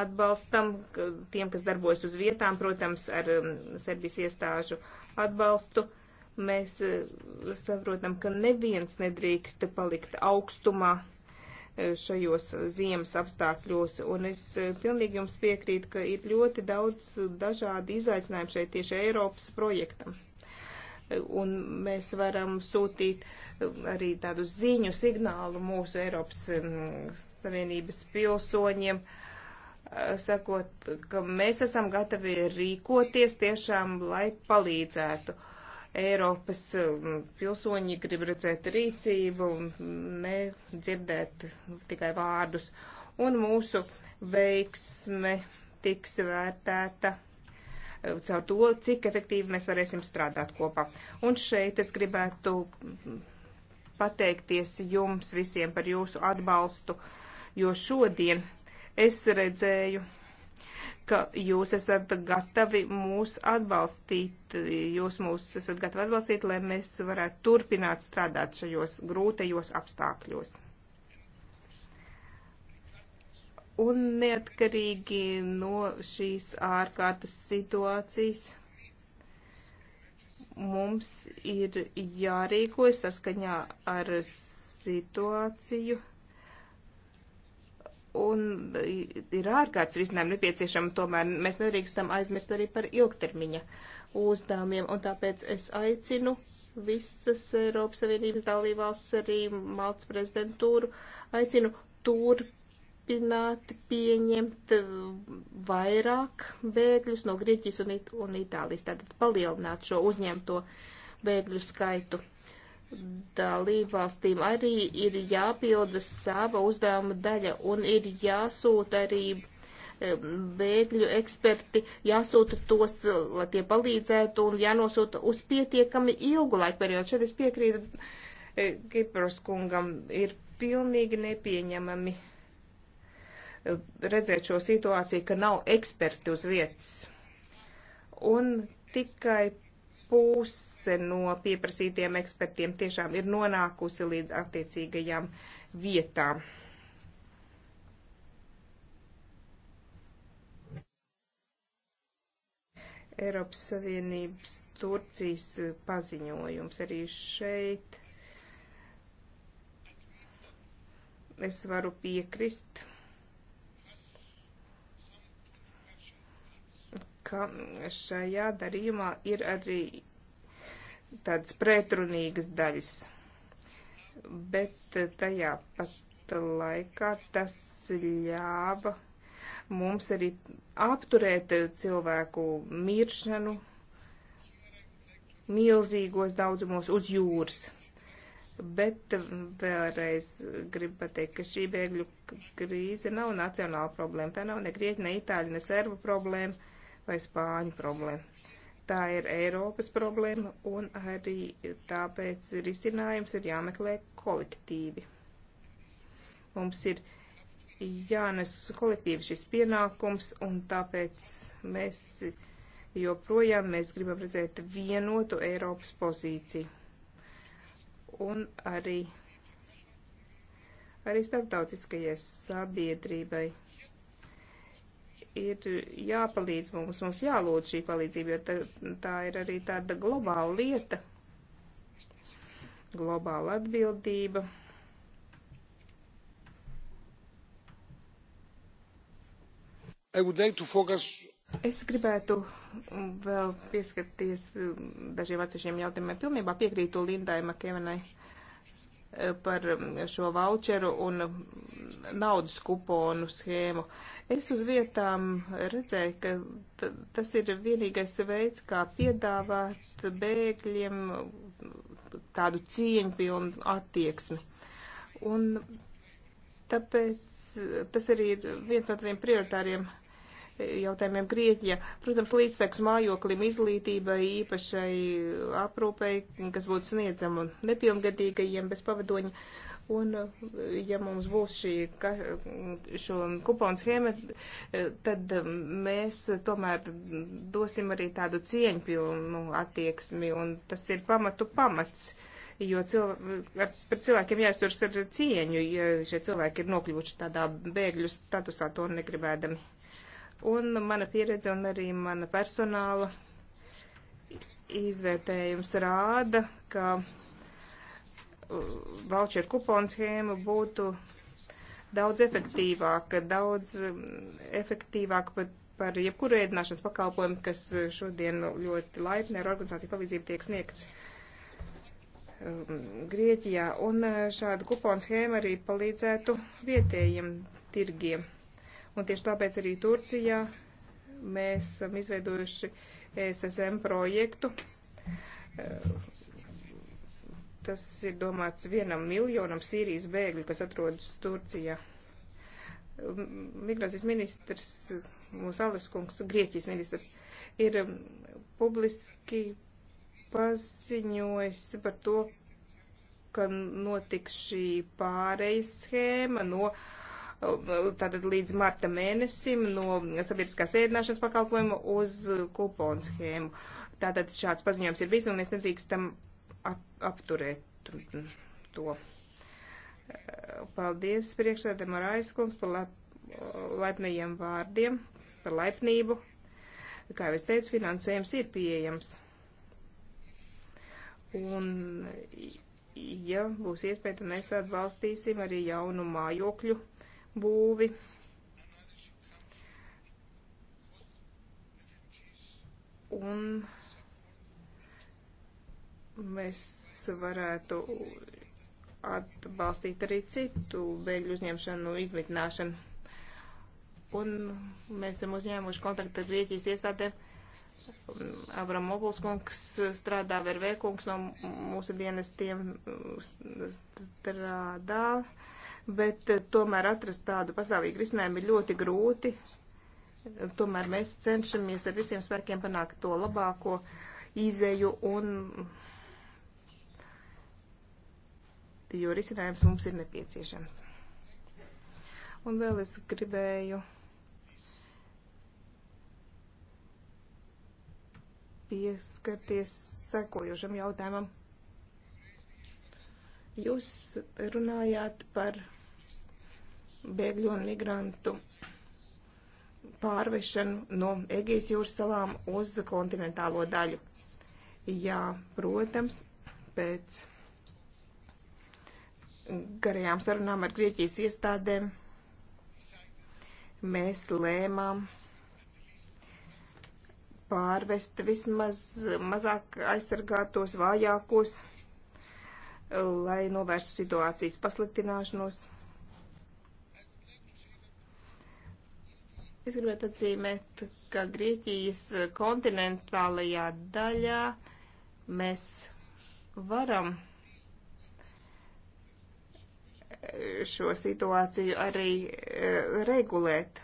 atbalstam, tiem, kas darbojas uz vietām, protams, ar um, Serbijas iestāžu atbalstu. Mēs uh, saprotam, ka neviens nedrīkst palikt augstumā šajos ziemas apstākļos, un es pilnīgi jums piekrītu, ka ir ļoti daudz dažādi izaicinājumi šeit tieši Eiropas projektam un mēs varam sūtīt um, arī tādu ziņu, signālu mūsu Eiropas um, Savienības pilsoņiem, uh, sakot, ka mēs esam gatavi rīkoties tiešām, lai palīdzētu. Eiropas um, pilsoņi grib redzēt rīcību, ne dzirdēt tikai vārdus, un mūsu veiksme tiks vērtēta caur to, cik efektīvi mēs varēsim strādāt kopā. Un šeit es gribētu pateikties jums visiem par jūsu atbalstu, jo šodien es redzēju, ka jūs esat gatavi mūs atbalstīt, jūs mūs esat gatavi atbalstīt, lai mēs varētu turpināt strādāt šajos grūtajos apstākļos. un neatkarīgi no šīs ārkārtas situācijas mums ir jārīkojas saskaņā ar situāciju. Un ir ārkārtas risinājumi nepieciešama, tomēr mēs nedrīkstam aizmirst arī par ilgtermiņa uzdevumiem. Un tāpēc es aicinu visas Eiropas Savienības dalībvalsts, arī Maltas prezidentūru, aicinu turpināt turpināt pieņemt eh, vairāk bēgļus no Grieķijas un, It un Itālijas, tātad palielināt šo uzņemto bēgļu skaitu. Dalībvalstīm arī ir jāpilda sava uzdevuma daļa un ir jāsūta arī eh, bēgļu eksperti, jāsūta tos, eh, lai tie palīdzētu un jānosūta uz pietiekami ilgu laiku periodu. Šeit es piekrītu Kipros kungam, ir pilnīgi nepieņemami redzēt šo situāciju, ka nav eksperti uz vietas. Un tikai puse no pieprasītiem ekspertiem tiešām ir nonākusi līdz attiecīgajām vietām. Eiropas Savienības Turcijas paziņojums arī šeit. Es varu piekrist ka šajā darījumā ir arī tādas pretrunīgas daļas. Bet eh, tajā pat laikā tas ļāva mums arī apturēt eh, cilvēku miršanu milzīgos daudzumos uz jūras. Bet eh, vēlreiz gribu pateikt, ka šī bēgļu krīze nav nacionāla problēma. Tā nav ne grieķa, ne itāļa, ne serva problēma vai spāņu problēma. Tā ir Eiropas problēma, un arī tāpēc risinājums ir jāmeklē kolektīvi. Mums ir jānes kolektīvi šis pienākums, un tāpēc mēs joprojām mēs gribam redzēt vienotu Eiropas pozīciju. Un arī, arī starptautiskajai sabiedrībai ir jāpalīdz mums, mums jālūdz šī palīdzība, jo tā, tā ir arī tāda globāla lieta, globāla atbildība. Like focus... Es gribētu vēl pieskarties um, dažiem atsevišķiem jautājumiem. Pilnībā piekrītu Lindai Makevenai. Uh, par um, šo voucheru un naudas kuponu schēmu. Es uz vietām redzēju, ka tas ir vienīgais veids, kā piedāvāt bēgļiem tādu cieņpilnu attieksmi. Un tāpēc tas arī ir viens no tādiem prioritāriem jautājumiem Grieķijā. Protams, līdztekus mājoklim, izglītībai, īpašai aprūpei, kas būtu sniedzama nepilngadīgajiem bez pavadoņa. Un, ja mums būs šī ka, šo kuponu schēma, tad mēs tomēr dosim arī tādu cieņpilnu attieksmi, un tas ir pamatu pamats, jo cilvē, par cilvēkiem jāizturas ar cieņu, ja šie cilvēki ir nokļuvuši tādā bēgļu statusā, to negribēdami. Un mana pieredze un arī mana personāla izvērtējums rāda, ka voucher kuponu schēma būtu daudz efektīvāka, daudz efektīvāka pat par jebkuru ēdināšanas pakalpojumu, kas šodien ļoti laipni ar organizāciju palīdzību tiek sniegts. Um, Grieķijā, un uh, šāda kupona schēma arī palīdzētu vietējiem tirgiem. Un tieši tāpēc arī Turcijā mēs esam izveidojuši SSM projektu. Tas ir domāts vienam miljonam Sīrijas bēgļu, kas atrodas Turcijā. Migrācijas ministrs, mūsu Aleskungs, Grieķijas ministrs, ir publiski paziņojis par to, ka notiks šī pārejas schēma no uh, tātad līdz marta mēnesim no sabiedriskās ēdināšanas pakalpojuma uz kuponu schēmu. Tātad šāds paziņojums ir bijis, un mēs nedrīkstam apturēt to. Paldies priekšsēdēm ar aizskums par lep, laipnajiem vārdiem, par laipnību. Kā jau es teicu, finansējums ir pieejams. Un ja būs iespēja, tad mēs atbalstīsim arī jaunu mājokļu būvi. Un mēs varētu atbalstīt arī citu bēgļu uzņemšanu, izmitināšanu. Un mēs esam uzņēmuši kontaktu ar Grieķijas iestādēm. Abram Mogulskungs strādā, Vervēkungs no mūsu dienestiem strādā. Uh, bet eh, tomēr atrast tādu pastāvīgu risinājumu ir ļoti grūti. Tomēr mēs cenšamies ar visiem spēkiem panākt to labāko izēju un jo risinājums mums ir nepieciešams. Un vēl es gribēju pieskarties sekojošam jautājumam. Jūs runājāt par bēgļu un migrantu pārvešanu no Egejas jūras salām uz kontinentālo daļu. Jā, protams, pēc garajām sarunām ar Grieķijas iestādēm mēs lēmām pārvest vismaz mazāk aizsargātos, vājākos, lai novērstu situācijas pasliktināšanos. Es gribētu atzīmēt, ka Grieķijas kontinentālajā daļā mēs varam šo situāciju arī e, regulēt.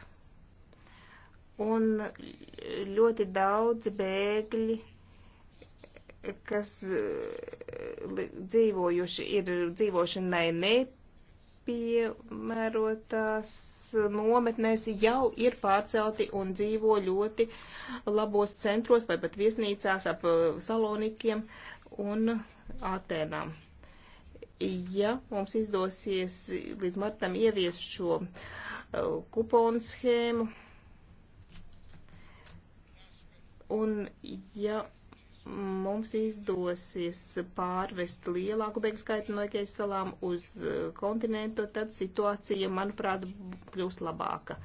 Un ļoti daudz bēgļi, kas e, dzīvojuši, ir dzīvošanai nepiemērotās nometnēs jau ir pārcelti un dzīvo ļoti labos centros vai pat viesnīcās ap uh, Salonikiem un Atēnām. Ja mums izdosies līdz martam ieviest šo uh, kuponu schēmu, un ja mums izdosies pārvest lielāku bēgļu skaitu no Egejas salām uz eh, kontinentu, tad situācija, manuprāt, kļūs labāka.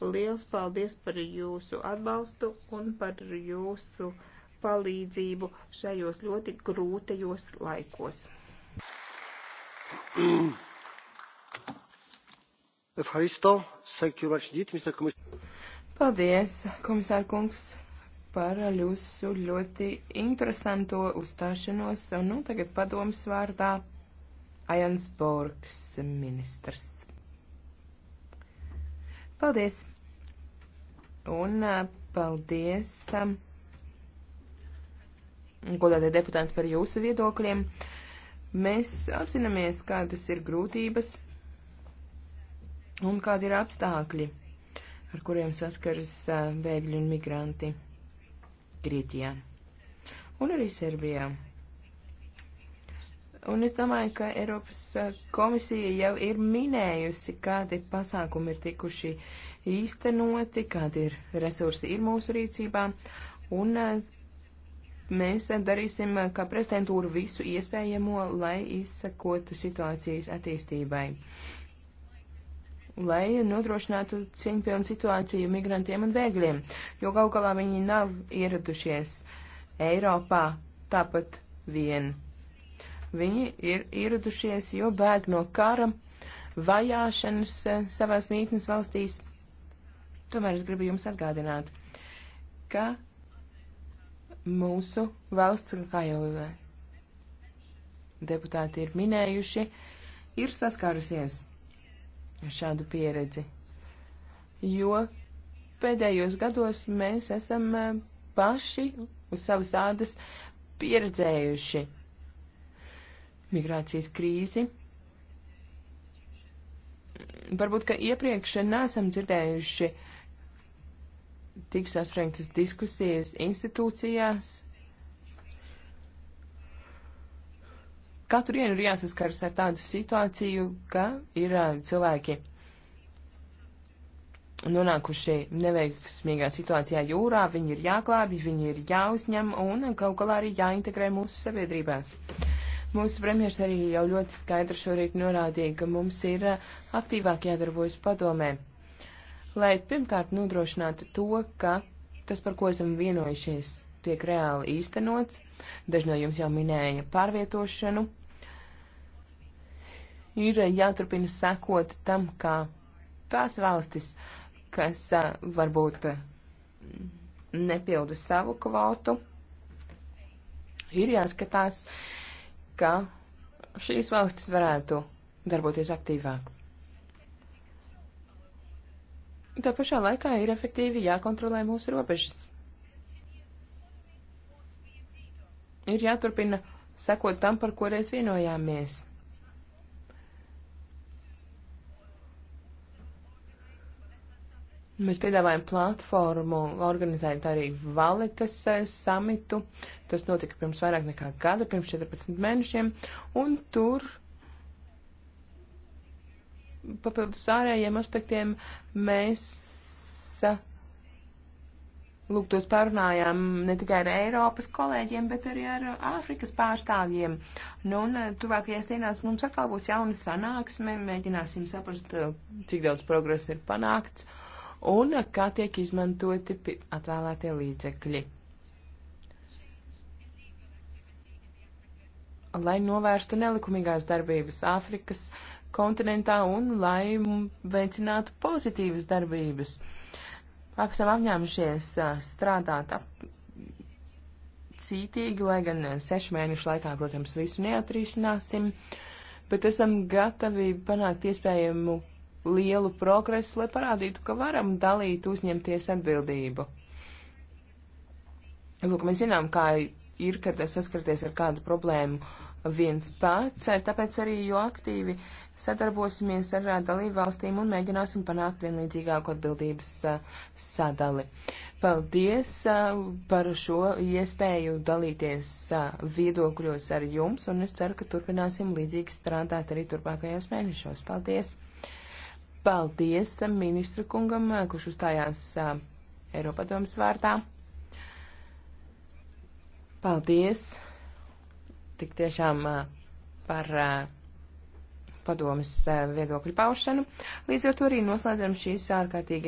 Liels paldies par jūsu atbalstu un par jūsu palīdzību šajos ļoti grūtajos laikos. Paldies, komisār kungs par jūsu ļoti interesanto uzstāšanos. Un nu, tagad padomas vārdā Ajans Borgs, ministrs. Paldies! Un eh, paldies, eh, godātie deputāti, par jūsu viedokļiem. Mēs apzināmies, kādas ir grūtības un kādi ir apstākļi, ar kuriem saskaras eh, bēgļi un migranti. Grieķijā un arī Serbijā. Un es domāju, ka Eiropas komisija jau ir minējusi, kādi pasākumi ir tikuši īstenoti, kādi ir resursi ir mūsu rīcībā. Un mēs darīsim kā prezidentūra visu iespējamo, lai izsakotu situācijas attīstībai. Uh, lai nodrošinātu cieņpilnu situāciju migrantiem un bēgļiem, jo gal galā viņi nav ieradušies Eiropā tāpat vien. Viņi ir ieradušies, jo bēg no kara, vajāšanas e, savās mītnes valstīs. Tomēr es gribu jums atgādināt, ka mūsu valsts, kā jau deputāti ir minējuši, ir saskārusies šādu pieredzi. Jo pēdējos gados mēs esam e, paši uz savas ādas pieredzējuši migrācijas krīzi. Varbūt, ka iepriekš nesam dzirdējuši tik saspringtas diskusijas institūcijās, Katru dienu ir jāsaskars ar tādu situāciju, ka ir cilvēki nonākuši neveiksmīgā situācijā jūrā, viņi ir jāklābj, viņi ir jāuzņem un kaut galā arī jāintegrē mūsu sabiedrībās. Mūsu premjers arī jau ļoti skaidri šorīt norādīja, ka mums ir aktīvāk jādarbojas padomē, lai pirmkārt nodrošinātu to, ka tas, par ko esam vienojušies, tiek reāli īstenots. Daži no jums jau minēja pārvietošanu. Ir jāturpina sekot tam, kā tās valstis, kas varbūt nepilda savu kvotu, ir jāskatās, ka šīs valstis varētu darboties aktīvāk. Tā pašā laikā ir efektīvi jākontrolē mūsu robežas. ir jāturpina sekot tam, par ko reiz vienojāmies. Mēs piedāvājam platformu organizēt arī valetas e, samitu. Tas notika pirms vairāk nekā gada, pirms 14 mēnešiem, un tur papildus ārējiem aspektiem mēs e, Lūk, tos pārunājām ne tikai ar Eiropas kolēģiem, bet arī ar Āfrikas pārstāvjiem. Nu, un eh, tuvākajās dienās mums atkal būs jauna sanāksme, mēģināsim saprast, eh, cik daudz progresa ir panākts un eh, kā tiek izmantoti atvēlētie līdzekļi. Lai novērstu nelikumīgās darbības Āfrikas kontinentā un lai veicinātu pozitīvas darbības. Uh, esam apņēmušies strādāt ap cītīgi, lai gan sešu mēnešu laikā, protams, visu neatrisināsim, bet esam gatavi panākt iespējamu lielu progresu, lai parādītu, ka varam dalīt, uzņemties atbildību. Lūk, mēs zinām, kā ir, kad saskaraties ar kādu problēmu viens pats, tāpēc arī jo aktīvi sadarbosimies ar dalībvalstīm un mēģināsim panākt vienlīdzīgāku atbildības sadali. Paldies par šo iespēju dalīties viedokļos ar jums, un es ceru, ka turpināsim līdzīgi strādāt arī turpākajos mēnešos. Paldies! Paldies ministra kungam, kurš uzstājās Eiropadomas vārtā. Paldies! tik tiešām par padomas viedokļu paušanu. Līdz ar to arī noslēdzam šīs ārkārtīgi